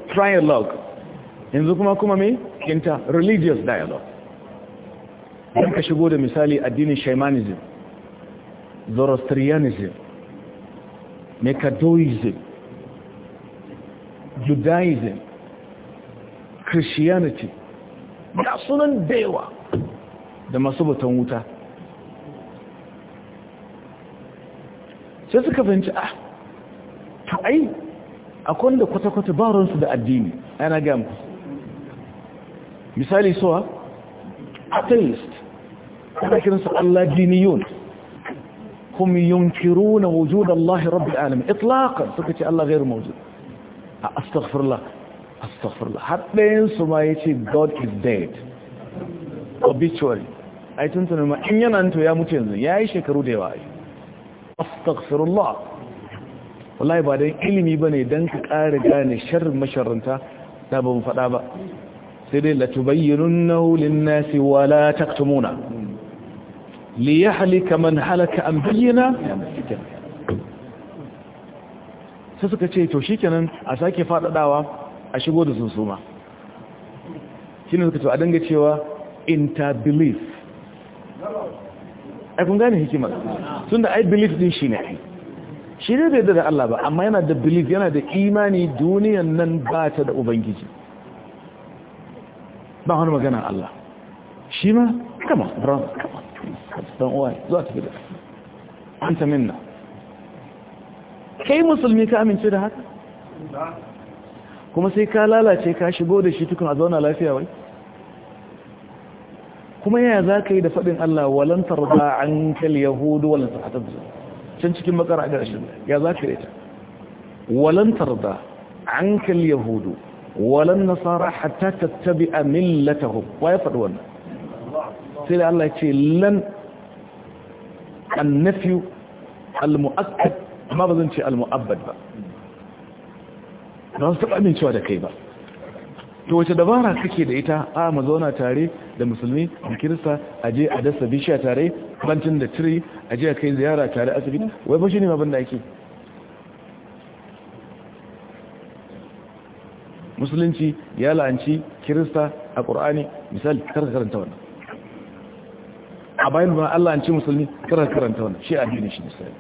yanzu kuma kuma mai inter religious dialogue don ka shigo da misali addinin shamanism zoroastrianism mekadoism judaism christianity da sunan daiwa da masu baton wuta sai suka fahimci a ah, ta'ai akwai da kwata-kwata baronsu da addini ana gamsu misali suwa atheist ana kiransu Allah diniyun hum yunkiruna wujud Allah rabbil alamin itlaqan suka ce Allah ghairu mawjud astaghfirullah astaghfirullah haddayen su ma yace God is dead obituary ai tun ma in yana to ya mutu yanzu yayi shekaru da yawa astaghfirullah wallahi ba dan ilimi bane dan ka ƙara gane sharrin masharranta da ba ban faɗa ba sai dai latubayyinunnahu lin-nasi wa la taktumuna li yahlika man halaka an bayyana sai suka ce to shikenan a sake fadadawa a shigo da sunsuma. shine suka ce a danga cewa belief. ai kun gane hikima. tunda ai belief din shine shi ne bai da Allah ba amma yana da belief yana da imani duniyan nan ba ta da ubangiji ba wani magana Allah shi ma kama ran kama don uwaye zuwa tafi da an ta minna kai musulmi ka amince da haka kuma sai ka lalace ka shigo da shi tukun a zauna lafiya wai kuma yaya za ka yi da faɗin Allah walantar za an kal yahudu walantar a hatar can cikin makara a ƙarshen ya za ka yi ta walantar da an kal yahudu walan nasara hatta tattabi'a millatahum wa ya wannan sai da Allah ya lan annafi al amma bazan ce al ba ba su taɓa amincewa da kai ba to wace dabara kake da ita a mu zauna tare da musulmi da kirista a je a dasa bishiya tare bantin da tiri a je a kai ziyara tare asibiti wai ba shi ne abin da ake musulunci ya la'anci kirista a ƙur'ani misali kar karanta wannan a bayan ba Allah an ci musulmi kar karanta wannan shi addini shi misali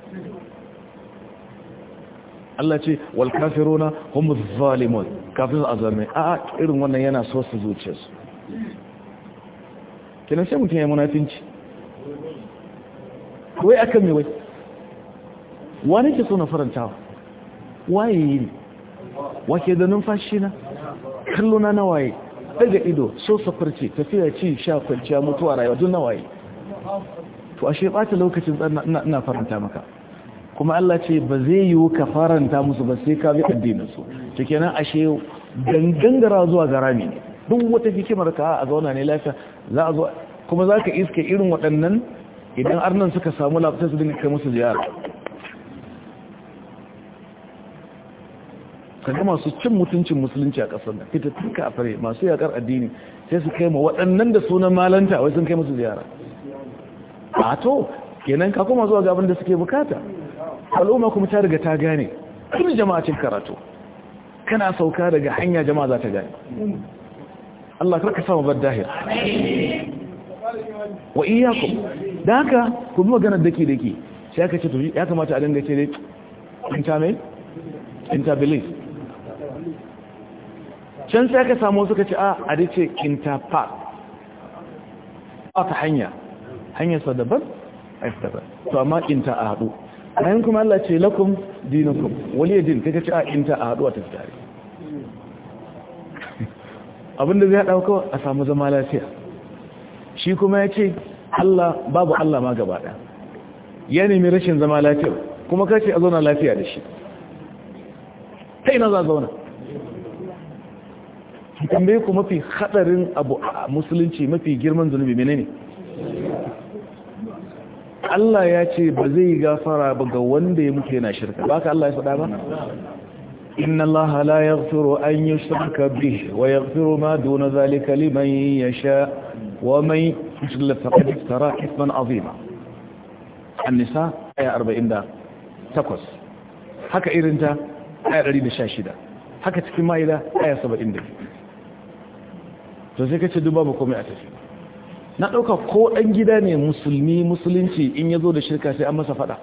Allah ce wal kafiruna hum zalimun kafin azami a a irin wannan yana so su zuciyarsu kenan sai mutum ya munafinci wai akan me wai wani ke so na farantawa waye yi ne wake da numfashi na kallona na waye daga ido so safarci tafiya ci sha kwanciya mutuwa rayuwa duk na waye to ashe bata lokacin ina faranta maka kuma Allah ce ba zai yiwu ka faranta musu ba sai ka bi addinin su to kenan ashe dangangara zuwa garami ne duk wata hikimar ka a zauna ne lafiya za a zo kuma zaka ka iske irin waɗannan idan arnan suka samu lafiya su dinga kai musu ziyara kaga masu cin mutuncin musulunci a ƙasar da fitattun kafare masu yakar addini sai su kai ma waɗannan da sunan malanta wai sun kai musu ziyara a to kenan ka kuma zuwa abin da suke bukata al'umma kuma ta riga ta gane kuma jama'a cin karatu kana sauka daga hanya jama'a za ta gane Allah karka samu bar dahir wa iyyakum da haka ku bi maganar dake dake sai ka ce to ya kamata a dinga ce dai in ta mai in ta believe can sai aka samu suka ce ah, a a dace kintafa ta hanya sau daban a daban to amma kinta a haɗu ayin kuma Allah ce lakum dinukum waliya yadin ta ce a ah, kinta a haɗu a tattare <laughs> abinda zai haɗa kawai a samu zama lafiya shi kuma ya ce Allah babu Allah ma gaba ɗaya ya nemi rashin zama lafiya kuma ce a zauna lafiya da shi ta ina za a zauna tambaye ku mafi hadarin abu a musulunci mafi girman zunubi menene Allah ya ce ba zai gafara ba ga wanda ya mutu yana shirka ba ka Allah ya faɗa ba inna Allah la yaghfiru an yushraka bihi wa yaghfiru ma duna zalika liman yasha wa man yushrik faqad iftara ithman azima an-nisa aya 48 haka irinta aya 116 haka cikin ma'ida aya 72 to sai kace duba ba komai a tafi na dauka ko dan gida ne musulmi musulunci in yazo da shirka sai an masa fada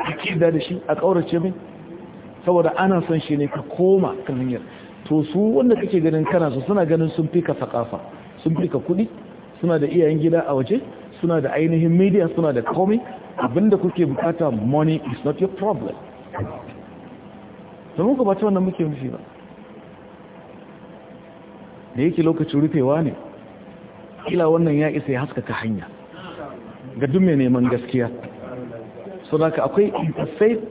akida da shi a kaurace min saboda ana son shi ne ka koma kan hanyar to su wanda kake ganin kana su suna ganin sun fika sakafa sun fika kudi suna da iyayen gida a waje suna da ainihin media suna da komai abinda kuke bukata money is not your problem to muka ka wannan muke mushi ba da yake lokacin rufewa ne kila wannan ya isa ya haskaka hanya ga duk neman gaskiya so da akwai interfaith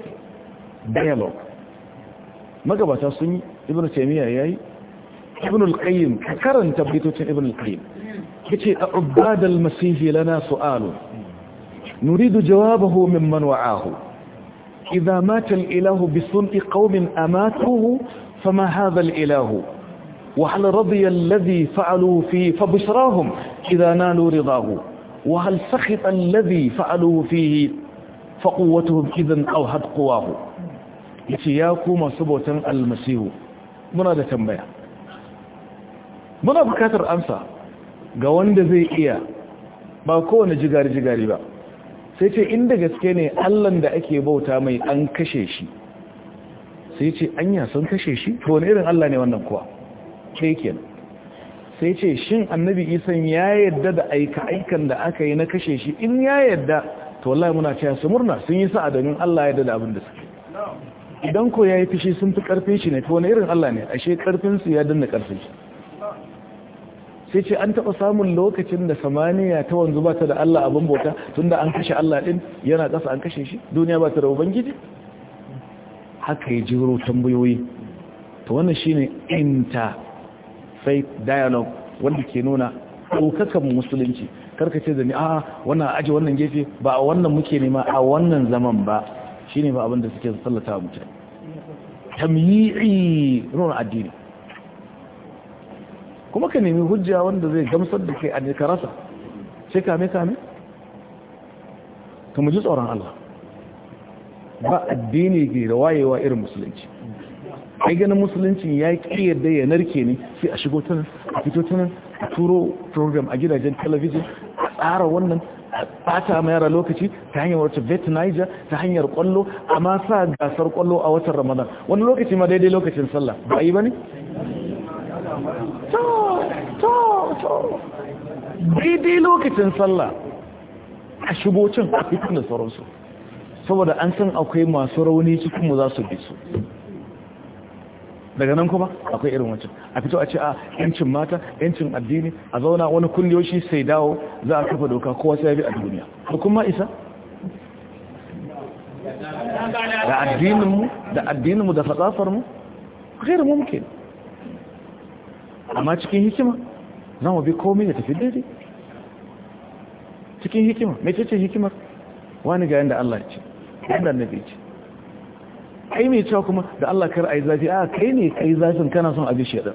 dialogue magabata sun yi ibn taymiya yayi ibn al-qayyim karanta bitocin ibn al-qayyim yace ubad al-masih lana su'alu nuridu jawabahu mimman wa'ahu idha mata al-ilahu bi sun'i qaumin amatuhu fama ilahu وهل رضي الذي فعلوا فيه فبشراهم إذا نالوا رضاه وهل سخط الذي فعلوا فيه فقوتهم إذا أوهد قواه إتياكم سبوة المسيح muna da tambaya muna bukatar amsa ga wanda zai iya ba kowane jigari-jigari ba sai ce da gaske ne allan da ake bauta mai an kashe shi sai ce anya sun kashe shi to wani irin allah ne wannan kuwa kekin sai ce shin annabi isan ya yadda da aika-aikan da aka yi na kashe shi in ya yadda to wallahi muna cewa su murna sun yi sa'a domin Allah ya yadda da abin da suke idan ko ya yi fishi sun fi karfe shi ne to wani irin Allah ne ashe karfin su ya danna karfin shi sai ce an taɓa samun lokacin da samaniya ta wanzu ba ta da Allah abin bauta da an kashe Allah ɗin yana ƙasa an kashe shi duniya ba ta da ubangiji haka ya jiro tambayoyi to wannan shine inta sai dialogue wanda ke nuna ɗaukakan musulunci karkace da ni a wannan aji wannan gefe ba a wannan muke nema a wannan zaman ba shine ba abin da suke sallata mutane tamyi'i nuna addini kuma ka nemi hujja wanda zai gamsar da kai a nekarasa sai kame kame ka mu ji tsoron Allah ba addini ke da wayewa irin musulunci ai ganin musulunci ya ƙi yadda ya narke ne sai a shigo tunan a fito tunan a turo program a gidajen talabijin a tsara wannan a bata ma yara lokaci ta hanyar wata vet niger ta hanyar kwallo a ma sa gasar kwallo a watan ramadan wani lokaci ma daidai lokacin sallah ba yi ba ne? daidai lokacin sallah a shigo can a fitin da sauransu saboda an san akwai masu rauni mu za su bi su daga nan kuma akwai irin wancan a fito a ce a ah, yancin mata yancin addini a zauna wani kulliyoshi sai dawo za a kafa doka kowa sai ya bi a duniya da kuma isa da addininmu da addininmu da fatsafarmu gairu mumkin amma cikin hikima za mu bi komai da tafi daidai cikin hikima mai ce hikimar wani ga yadda Allah ce yadda annabi ce ai mai cewa kuma da Allah kar ai zafi a kai ne kai zafin kana son shi shedan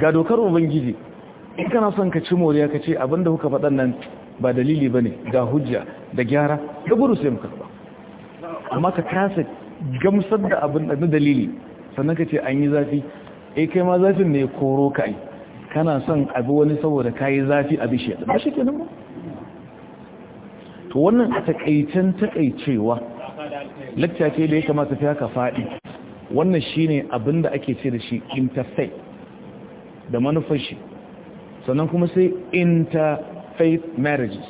ga dokar ubangiji in kana son ka ci moriya ka ce abinda kuka faɗan nan ba dalili bane ga hujja da gyara da buru sai muka ba amma ka kasa gamsar da abin da dalili sannan ka ce an yi zafi eh kai ma zafin ne koro ka kana son abu wani saboda kai zafi a bishiya ba shi kenan ba to wannan a takaicen takaicewa lacca ce da ya kamata ta haka faɗi wannan shine ne abinda ake ce da shi interfaith da manufar shi sannan kuma sai interfaith marriages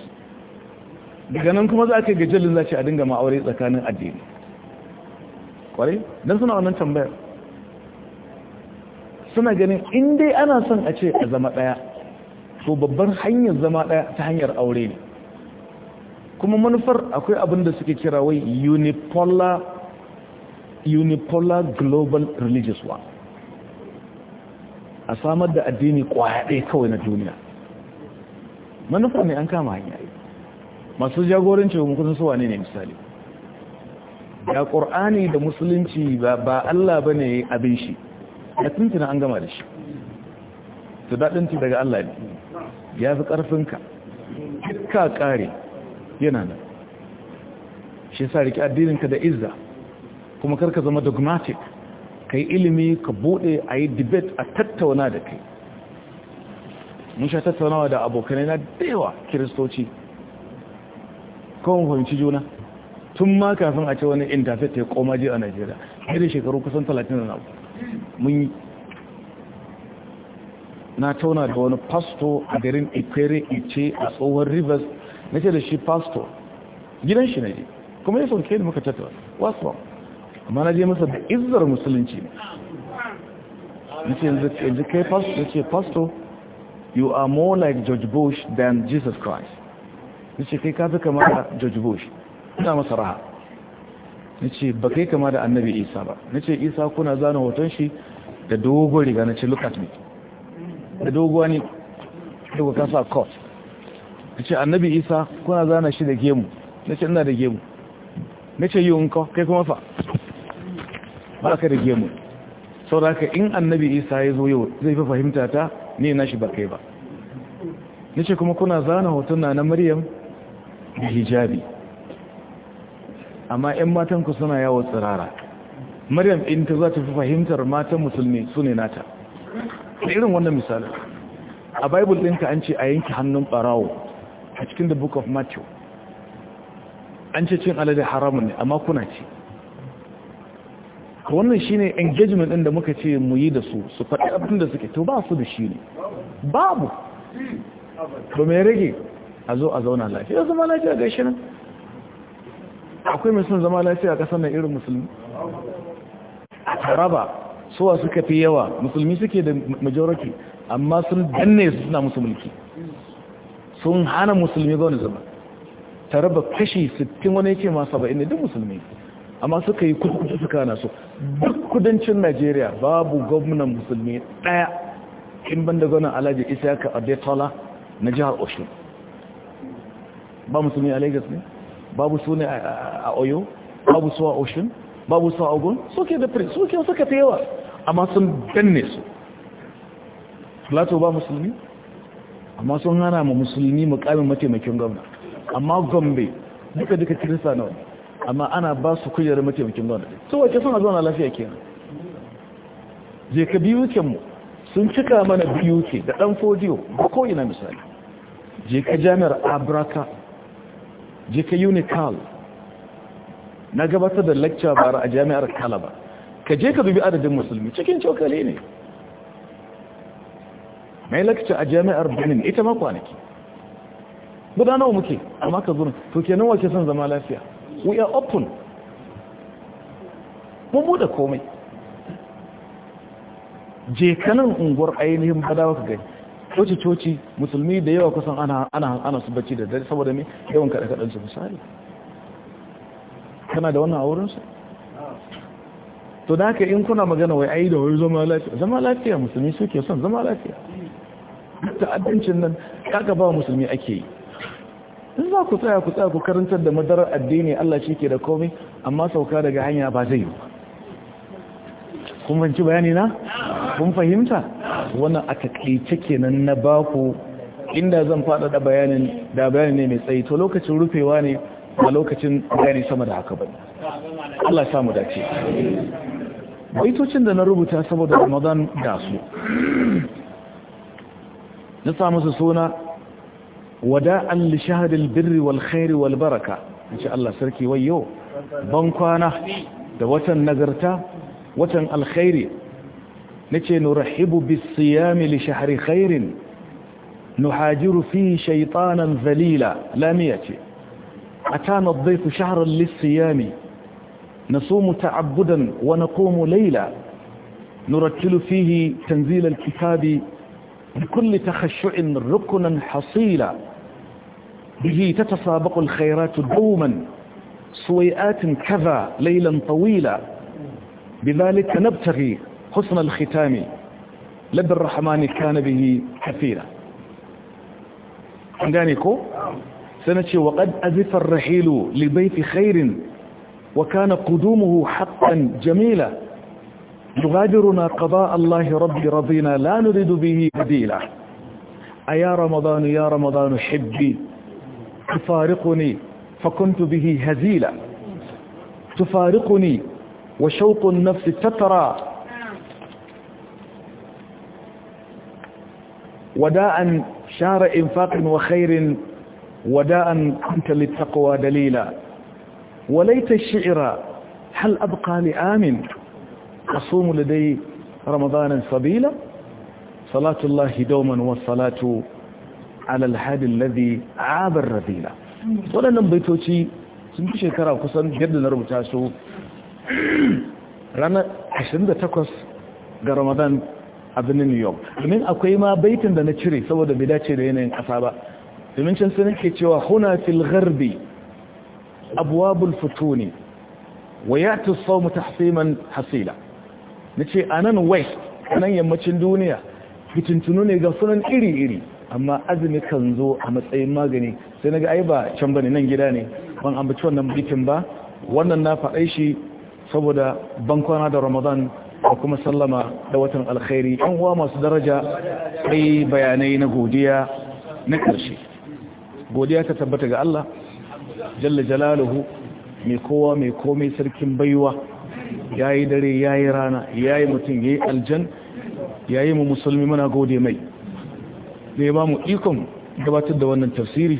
daga nan kuma za a ga gajalin za a dinga ma'aure tsakanin addini kwarai don suna wannan tambayar suna ganin in dai ana son a ce a zama ɗaya to babban hanyar zama ɗaya ta hanyar aure ne kuma manufar akwai abin da suke kira wai unipolar unipolar global religious war a samar da addini kwaya ɗaya kawai na duniya manufar ne an kama hanya masu jagorancin hukunan suwa ne ne misali ya ƙor'ani da musulunci ba Allah ba ne abin shi ya tuntuna an gama da shi su daɗinci daga Allah ne ya fi ƙarfinka ka ƙare yana nan shi sa rike addininka da izza kuma karka zama dogmatic kai ilimi ka bude a yi debate a tattauna da kai mun sha tattaunawa da abokanai na daewa kiristoci kawon fahimci juna tun ma kafin a ce wani interfaith ya koma ji a nigeria irin shekaru kusan 30 na mun na tauna da wani pasto a garin ikwere ice a tsohon rivers na ce da shi pastor gidan shi ne kuma ya sauke da muka tattara wasu amma na je masa da izzar musulunci ne na ce yanzu kai pastor ce pastor you are more like George Bush than Jesus Christ na ce kai kafi kama da George Bush ina masa raha na ce ba kai kama da annabi Isa ba na ce Isa kuna zana hoton shi da dogon riga na ce look at me da dogon ne daga sa court ce annabi isa kuna zana shi da gemu na ce ina da gemu na ce yi unka kai kuma fa ba ka da gemu sau da in annabi isa ya zo yau zai fi fahimta ta ne na shi ba kai ba na ce kuma kuna zana hoton na maryam da hijabi amma 'yan matanku suna yawon tsirara maryam in ta za ta fi fahimtar matan musulmi su ne nata irin wannan misali. a bible ɗinka an ce a yanki hannun ɓarawo a cikin the book of matthew an ce cin alade haramun ne amma kuna ce wannan shine engagement din da muka ce mu yi da su su faɗi abin da suke to ba su da shi ne babu ba mai rage a zo a zauna lafiya zama lafiya ga shi nan akwai mai sun zama lafiya a ƙasar na irin musulmi a taraba suwa suka fi yawa musulmi suke da majority amma sun danne su suna musu mulki sun hana musulmi zaune zama ta raba kashi 60 wani yake ba inda duk musulmi amma suka yi kudu suka na so duk kudancin najeriya babu gwamnan musulmi daya in banda gwamnan alhaji isa ka adetola na jihar oshun ba musulmi a lagos ne babu su ne a oyo babu su a oshun babu su a ogun suke da prince suke suka ta yawa amma sun danne su plato ba musulmi amma sun hana ma musulmi mukamin mataimakin gwamna amma gombe duka duka kirista nawa amma ana ba su kujerar mataimakin gwamna su wace suna na lafiya nan je ka biyu mu sun cika mana biyu ke da dan fodiyo ba ko ina misali je ka jami'ar abraka je ka unical na gabatar da lecture bara a jami'ar kalaba ka je ka dubi adadin musulmi cikin cokali ne Mai lakci a jami'ar benin ita ma kwanaki nawa muke amma ka zurin to kenan wace son zama lafiya we are open mun bude komai je kanan unguwar ainihin badawa ka gani coci-coci musulmi da yawa kusan ana su bacci da dare saboda mai yawan kaɗe-kaɗen su misali kana da wannan aurinsu to da haka in kuna magana wai ai da wai zama lafiya zama lafiya musulmi suke son zama lafiya duk ta'addancin nan kaga ba musulmi ake yi in za ku tsaya ku tsaya ku karantar da madarar addini Allah shi ke da komai amma sauka daga hanya ba zai yi kun fahimci bayani na kun fahimta wannan a takaice kenan na baku inda zan faɗaɗa bayanin da bayani ne mai tsayi to lokacin rufewa ne a lokacin bayani sama da haka bane Allah ya samu dace baitocin da na rubuta saboda Ramadan da su na sa musu suna wada'an li shahadil birri wal khairi wal baraka insha Allah sarki wayyo ban kwana da watan nagarta watan alkhairi nace nurahibu bis siyami li shahri khairin nuhajiru fi shaytanan zalila lamiyati atana ad-dayfu shahran lis siyami نصوم تعبدا ونقوم ليلا نرتل فيه تنزيل الكتاب بكل تخشع ركنا حصيلا به تتسابق الخيرات دوما سويئات كذا ليلا طويلا بذلك نبتغي حسن الختام لب الرحمن كان به كثيرا عندانيكو سنتي وقد أزف الرحيل لبيت خير وكان قدومه حقا جميلا يغادرنا قضاء الله رب رضينا لا نريد به بديلا أيا رمضان يا رمضان حبي تفارقني فكنت به هزيلا تفارقني وشوق النفس تترى وداء شار إنفاق وخير وداء كنت للتقوى دليلا وليت الشعر هل أبقى لآمن أصوم لدي رمضانا سبيلا صلاة الله دوما والصلاة على الحد الذي عاب الرذيلة waɗannan baitoci sun fi shekara kusan yadda na rubuta su ranar 28 ga ramadan a birnin new york domin akwai ma baitan da na cire saboda bai dace da yanayin ƙasa ba domin can sun ke cewa huna fil gharbi abwabul futuni wa yatu sawmu tahsiman hasila na ce a nan west nan yammacin duniya fitintunu ne ga sunan iri-iri amma azumi kan zo a matsayin magani sai na ga ai ba can bane nan gida ne ban ambaci wannan bikin ba wannan na faɗai shi saboda bankwana da ramadan da kuma sallama da watan alkhairi yan uwa masu daraja sai bayanai na godiya na ƙarshe godiya ta tabbata ga Allah jalla jalaluhu mai kowa mai komai sarkin baiwa ya yi dare ya yi rana ya yi mutum ya yi aljan ya yi mu musulmi muna gode mai da ya ba mu ikon gabatar da wannan tafsiri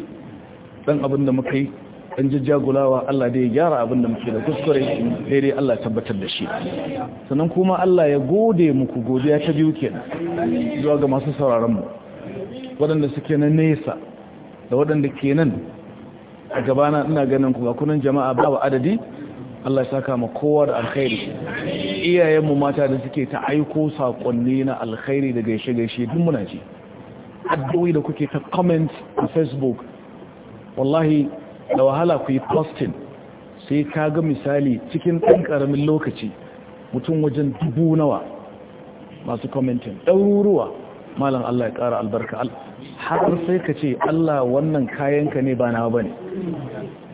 dan abin da muka yi dan jajjagulawa Allah da ya gyara abin da muke da kuskure daidai Allah ya tabbatar da shi sannan kuma Allah ya gode muku godiya ta biyu kenan zuwa ga masu sauraron mu waɗanda suke na nesa da waɗanda ke nan a gabana ina ganin ku ga kunan jama'a ba adadi Allah ya saka ma kowa da alkhairi iyayenmu mata da suke ta aiko sakonni na alkhairi da gaishe-gaishe duk muna ji addu'o'i da kuke ta comment a facebook wallahi da wahala ku yi posting sai ka ga misali cikin ɗan ƙaramin lokaci mutum wajen dubu nawa masu commenting ɗaruruwa malam Allah ya ƙara albarka har sai ka ce Allah wannan kayanka ne ba na ba ne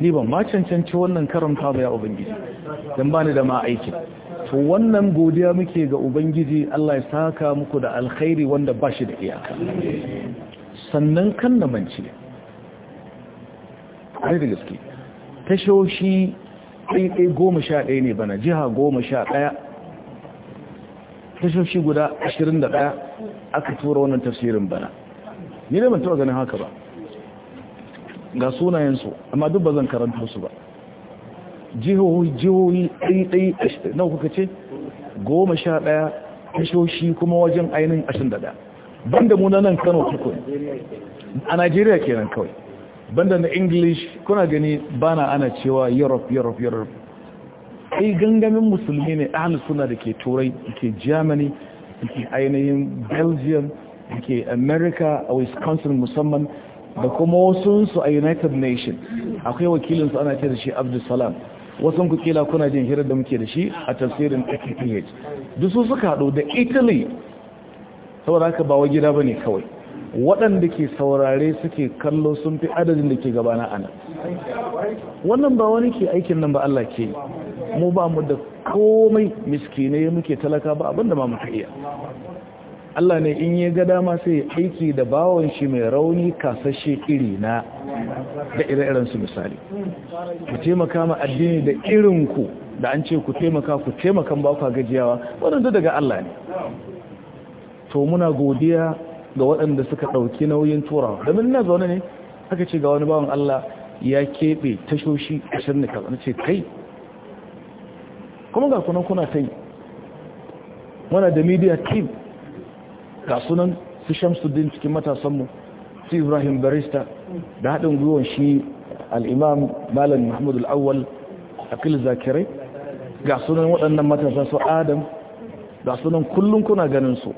ni ban ma cancanci wannan karanta ba ya ubangiji dan bani da ma aiki to wannan godiya muke ga ubangiji Allah ya saka muku da alkhairi wanda ba shi da iyaka sannan kan na manci ai da gaske tashoshi ɗaiɗai goma sha ɗaya ne bana jiha goma sha ɗaya tashoshi guda ashirin da ɗaya aka tura wannan tafsirin bana ni da ban taɓa ganin haka ba ga sunayensu amma duk ba zan karanta su ba jihohi jihohi ɗaiɗai na kuka ce goma sha ɗaya tashoshi kuma wajen ainihin ashirin da ɗaya banda mu na nan kano tukun a najeriya kenan kawai banda na english kuna gani bana ana cewa europe europe europe ai gangamin musulmi ne ahal suna da ke turai ke germany ke ainihin belgium ke america a wisconsin musamman da kuma wasunsu a united nation akwai wakilin su ana ce da shi abdulsalam wasu ku kila kuna jin hirar da muke da shi a tafsirin pph duk suka haɗu da italy saboda haka ba gida ba ne kawai waɗanda ke saurare suke kallo sun fi adadin da ke gabana ana wannan ba wani ke aikin nan ba Allah ke mu ba mu da komai miskinai muke talaka ba abinda ma muka iya Allah ne in ya ga dama sai aiki da bawon shi mai rauni kasashe iri na da ire-iren su misali ku taimaka ma addini da irin ku da an ce ku taimaka ku taimakan ba ku gajiyawa waɗanda daga Allah ne to muna godiya ga waɗanda suka ɗauki nauyin turawa domin na zaune ne aka ce ga wani bawon Allah ya keɓe tashoshi a da kaza ce kai kuma ga kunan kuna ta yi muna da media team kasunan su su shamsuddin cikin matasanmu su ibrahim barista da haɗin gwiwon shi al'imam malam mahmud al'awwal kil zakirai ga sunan waɗannan matasan su adam ga sunan kullum kuna ganin su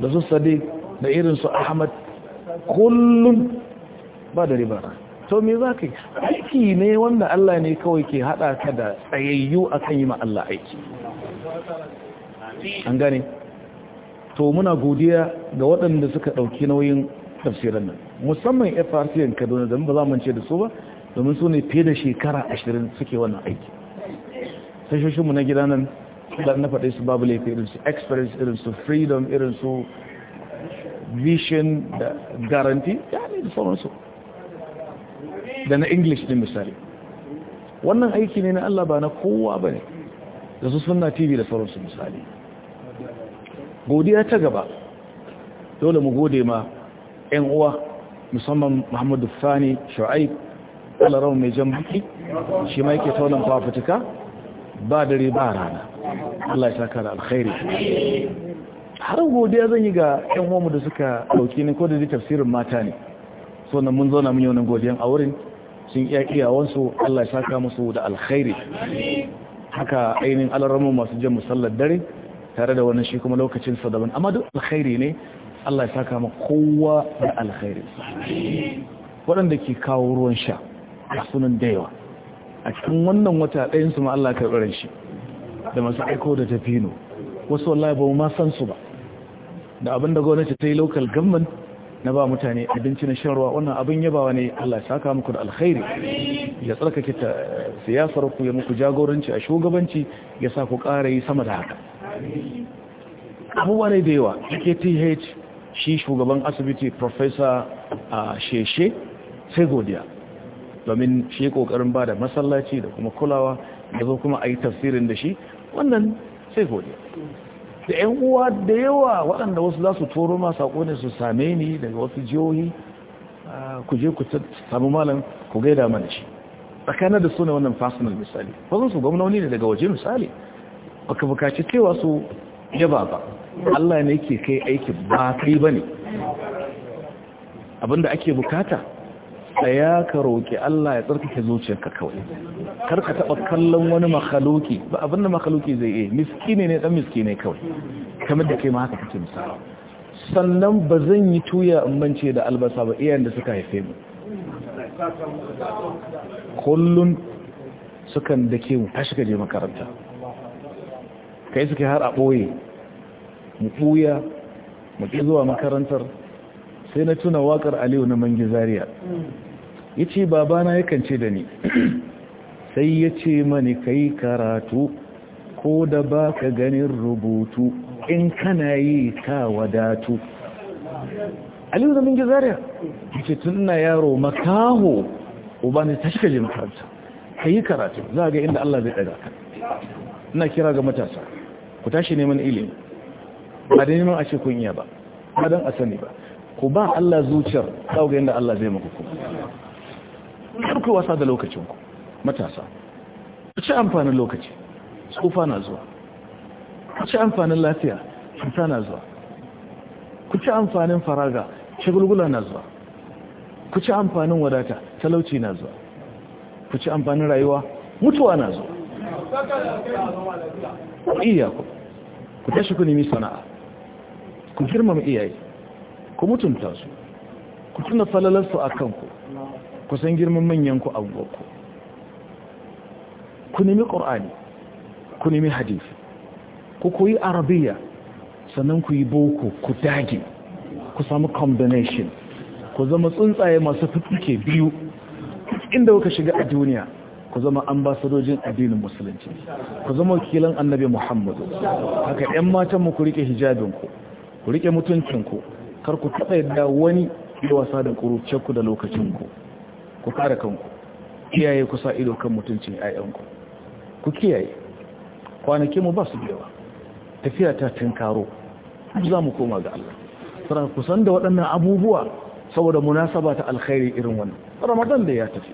da su sade da irin su ahmad kullum ba da riba to me za ka yi aiki ne wanda Allah ne kawai ke haɗa ka da tsayayyu akan yi ma Allah aiki an gane to muna godiya ga waɗanda suka ɗauki nauyin tafsirin nan musamman FRCN Kaduna da ba za mu ce da su ba domin su ne fiye da shekara ashirin suke wannan aiki tashoshinmu na gida nan da na faɗe su babu laifi irin su experience irin su freedom irin su vision da guarantee ya ne da sauransu da na english din misali wannan aiki ne na allah ba na kowa ba ne da su suna tv da sauransu misali godiya ta gaba dole mu gode ma 'yan uwa musamman muhammadu fani shu'aib alarau mai jamhuri shi ma yake taunan fafutuka ba dare ba rana Allah ya saka da alkhairi har godiya zan yi ga uwa mu da suka ɗauki ni ko da zai tafsirin mata ne so na mun zauna mun yi godiyan a wurin sun iya iyawansu Allah ya saka musu da alkhairi haka ainihin alarramu masu jan musallar dare tare da wannan shi kuma lokacin sa daban amma duk alkhairi ne Allah ya saka ma kowa da alkhairi waɗanda ke kawo ruwan sha a sunan da a cikin wannan wata ɗayan su ma Allah ka karɓar shi da masu aiko da tafino wasu wallahi ba ma san su ba da abin da gwamnati ta yi local government na ba mutane abinci na shan ruwa wannan abin yabawa ne Allah ya saka muku da alkhairi ya tsarkake ta eh, siyasar ku ya muku jagoranci a shugabanci ya sa ku ƙara yi sama da haka abubuwa ne da yawa kth shi shugaban asibiti professor sheshe sai godiya domin shi kokarin ba da masallaci da kuma kulawa da zo kuma a yi tafsirin da shi wannan sai godiya da 'yan uwa da yawa waɗanda wasu za su toro ma saƙo ne su same ni daga wasu jihohi ku je ku samu malam ku gaida mana shi tsakanar da su ne wannan fasinal misali wasu su gwamnoni ne daga waje misali baka bukaci cewa su yaba ba Allah ne ke kai aiki ba kai bane abinda ake bukata tsaya ka roƙi Allah ya tsarkake zuciyarka kawai kar ka taɓa kallon wani makaloki ba abinda makaloki zai yi miskine ne dan miskine kawai kamar da kai ma haka kake misali sannan ba zan yi tuya in bance da albasa ba iyayen da suka haife mu kullun sukan dake mu tashi ka je makaranta kai suke har a ɓoye mu ɓuya mu ƙi zuwa makarantar sai na tuna waƙar aliyu na mangi zariya ya ce babana yakan ce da ni <clears throat> sai ya ce mani kai karatu ko da ba ka ganin rubutu in kana yi ka wadatu aliyu na mangi zariya ya ce tun yaro makaho ubani ta shiga makaranta ka yi karatu za a ga inda allah zai ɗaga ka ina kira ga matasa ku tashi neman ilimi ba da neman a ce kunya ba ba don a sani ba ku ba Allah zuciyar tsawga yadda Allah zai maku kuma ku wasa da lokacinku matasa ku ci amfanin lokaci tsufa na zuwa ku ci amfanin lafiya cuta na zuwa ku ci amfanin faraga shagulgula na zuwa ku ci amfanin wadata talauci na zuwa ku ci amfanin rayuwa mutuwa na zuwa iya kuma ku tashi ku nemi sana'a ku girmama iyaye ku mutunta su ku tuna falalarsu a kanku ku san girman manyan a goku ku nemi ƙor'ani ku nemi hadisi ku koyi arabiya sannan ku yi boko ku dage ku samu combination ku zama tsuntsaye masu fifike biyu inda kuka shiga a duniya ku zama ambasadojin addinin musulunci ku zama wakilan annabi muhammadu haka yan matan mu ku rike hijabinku ku rike mutuncinku kar ku taɓa yadda wani yi wasa da ku da lokacinku ku kare kanku kiyaye ku sa ido kan mutuncin 'ya'yanku ku kiyaye kwanaki mu ba su biyawa tafiya ta tunkaro za mu koma ga Allah kusan da waɗannan abubuwa saboda munasaba ta alkhairi irin wannan ramadan da ya tafi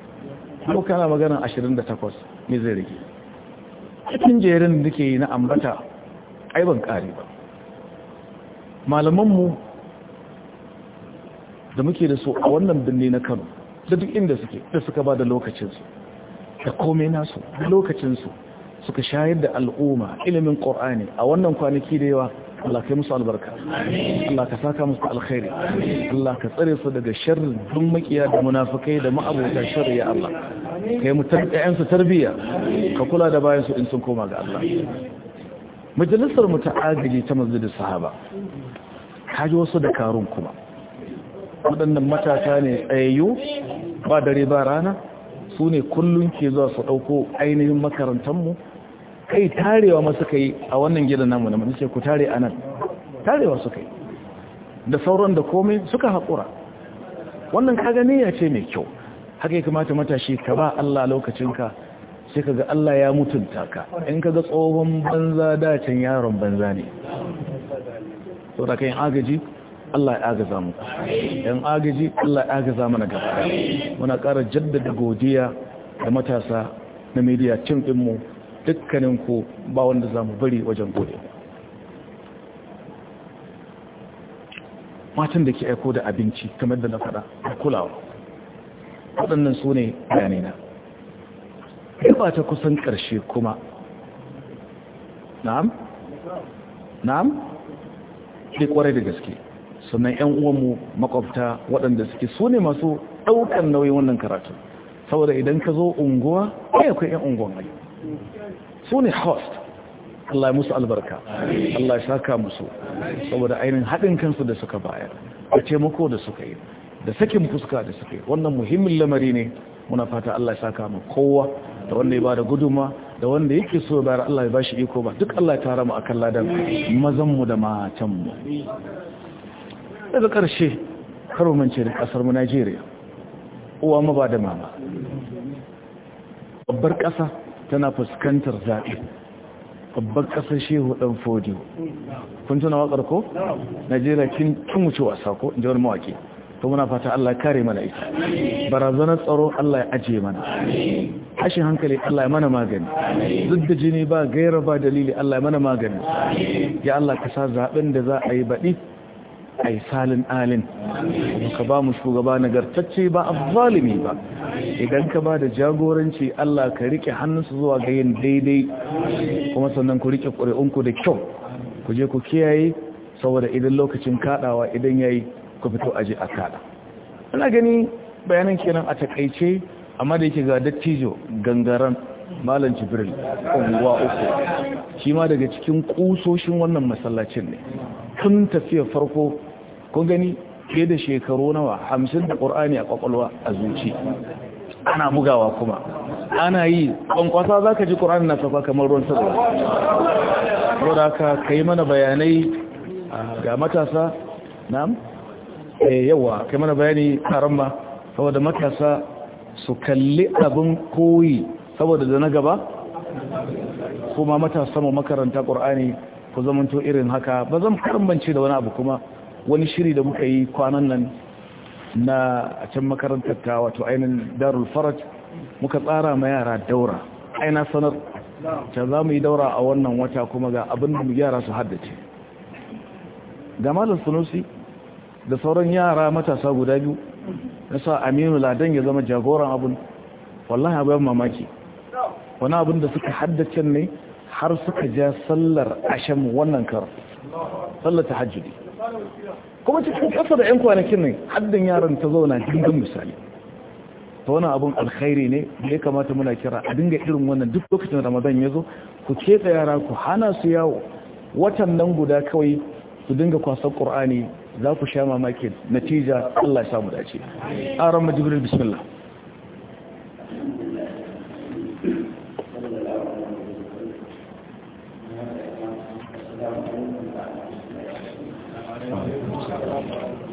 ko kana maganar 28 ne zai rage cikin jerin da nake yi na ambata ai ban kare ba malamanmu da muke da su a wannan binne na Kano da duk inda suke da suka ba da lokacinsu da komai nasu da lokacinsu suka shayar da al'umma ilimin ƙor'ani a wannan kwanaki da yawa Allah kai musu albarka Allah ka saka musu alkhairi Allah ka tsare su daga sharrin dun makiya da munafikai da ma'abota sharri ya Allah kai mu tarbiyan su tarbiya ka kula da bayan su in sun koma ga Allah majalisar mu ta agaji ta masjidin sahaba kaji wasu da karun kuma waɗannan matasa ne tsayayyu ba dare ba rana su ne kullum ke zuwa su ɗauko ainihin makarantar mu kai tarewa masu suka a wannan gidan namu da mace ku tare a nan tarewa suka yi da sauran da komai suka haƙura wannan kaga niyya ce mai kyau haka ya kamata matashi ka ba Allah lokacinka sai ga Allah ya mutunta ka in ka ga tsohon banza dacin yaron banza ne so da kayan agaji Allah ya agaza mu yan agaji Allah ya agaza mana gaba muna ƙara jaddada godiya da matasa na media cin ɗinmu dukkanin ku ba wanda za mu bari wajen gode matan da ke aiko da abinci kamar da na faɗa a kulawa waɗannan su ne bayanina ba ta kusan ƙarshe kuma na'am na'am ke kwarai da gaske sannan 'yan uwanmu makwabta waɗanda suke su ne masu ɗaukar nauyin wannan karatu saboda idan ka zo unguwa akwai 'yan unguwan ayyuka su ne host Allah ya musu albarka Allah ya saka musu saboda ainihin haɗin kansu da suka bayar da taimako da suka yi da sakin fuska da suka yi wannan muhimmin lamari ne muna fata Allah ya saka mu kowa da wanda ya bada guduma da wanda yake so bayar Allah ya bashi iko ba duk Allah ya tara mu akan ladan mazan mu da matan mu daga karshe karo mance da kasar mu Najeriya uwa ma ba da mama babbar kasa. tana fuskantar zaɓe babban ƙasar shehu ɗan fodiyo kun tuna waƙar ko? najeriya kin tumuce wasa ko in ji wani mawaƙi to muna fata Allah kare mana ita barazanar tsaro Allah ya ajiye mana hashin hankali Allah ya mana magani duk da jini ba gaira ba dalili Allah ya mana magani ya Allah ka sa zaɓen da za a yi baɗi ai salin alin ka ba mu shugaba nagartacce ba azzalimi ba idan ka ba da jagoranci Allah ka rike hannunsu zuwa ga yin daidai kuma sannan ku rike ƙuri'unku da kyau ku je ku kiyaye saboda idan lokacin kaɗawa idan yayi ku fito aje a kada ina gani bayanan kenan a takaice amma da yake ga dattijo gangaran malam jibril unguwa uku shi ma daga cikin ƙusoshin wannan masallacin ne tun tafiyar farko kun gani fiye da shekaru nawa hamsin da ƙur'ani a ƙwaƙwalwa a zuci ana bugawa kuma ana yi ƙwanƙwasa za ka ji ƙur'ani na safa kamar ruwan sabon wadda ka ka yi mana bayanai ga matasa na eh, yawa ka yi mana bayani a ramma saboda matasa su kalli abin koyi saboda da na gaba kuma matasa mu makaranta ƙur'ani ku zamanto irin haka ba zan karambance da wani abu kuma wani shiri da muka yi kwanan nan na a can makarantar ta wato ainihin darul faraj muka tsara ma yara daura aina sanar ta za mu yi daura a wannan wata kuma ga abin da yara su haddace ga malar sunusi da sauran yara matasa guda biyu na sa aminu ladan ya zama jagoran abin wallahi abin mamaki wani abin da suka haddace ne har suka ja sallar ashen wannan kar sallar ta hajjudi kuma cikin ƙasa da 'yan kwanakin ne haddin yaran ta zauna dingin misali ta wani abin alkhairi ne da ya kamata muna kira a dinga irin wannan duk lokacin ramadan ya zo ku keta yara ku hana su yawo watan nan guda kawai su dinga kwasar ƙur'ani za ku sha mamaki natija allah ya samu dace aron majibirin bismillah Thank you.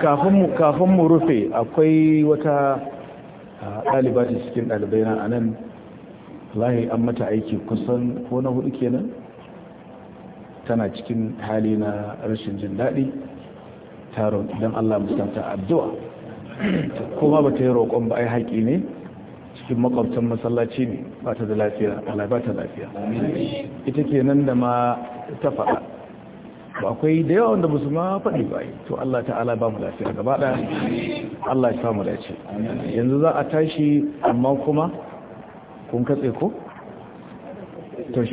kafin mu rufe akwai wata ɗaliba ta cikin ɗalibai na anan lahi an mata aiki kusan ko na hudu kenan tana cikin hali na rashin jin daɗi taron idan allah musanta addu'a kuma ba ta yi roƙon ba ai haƙi ne cikin makwabtan masallaci ne ba ta da lafiya ba ta lafiya ita kenan da ma ta faɗa ba akwai da yawan da musulma faɗi ba to Allah ta'ala ba mu lafiya gaba da Allah ya samu dace yanzu za a tashi amma kuma kun katse ko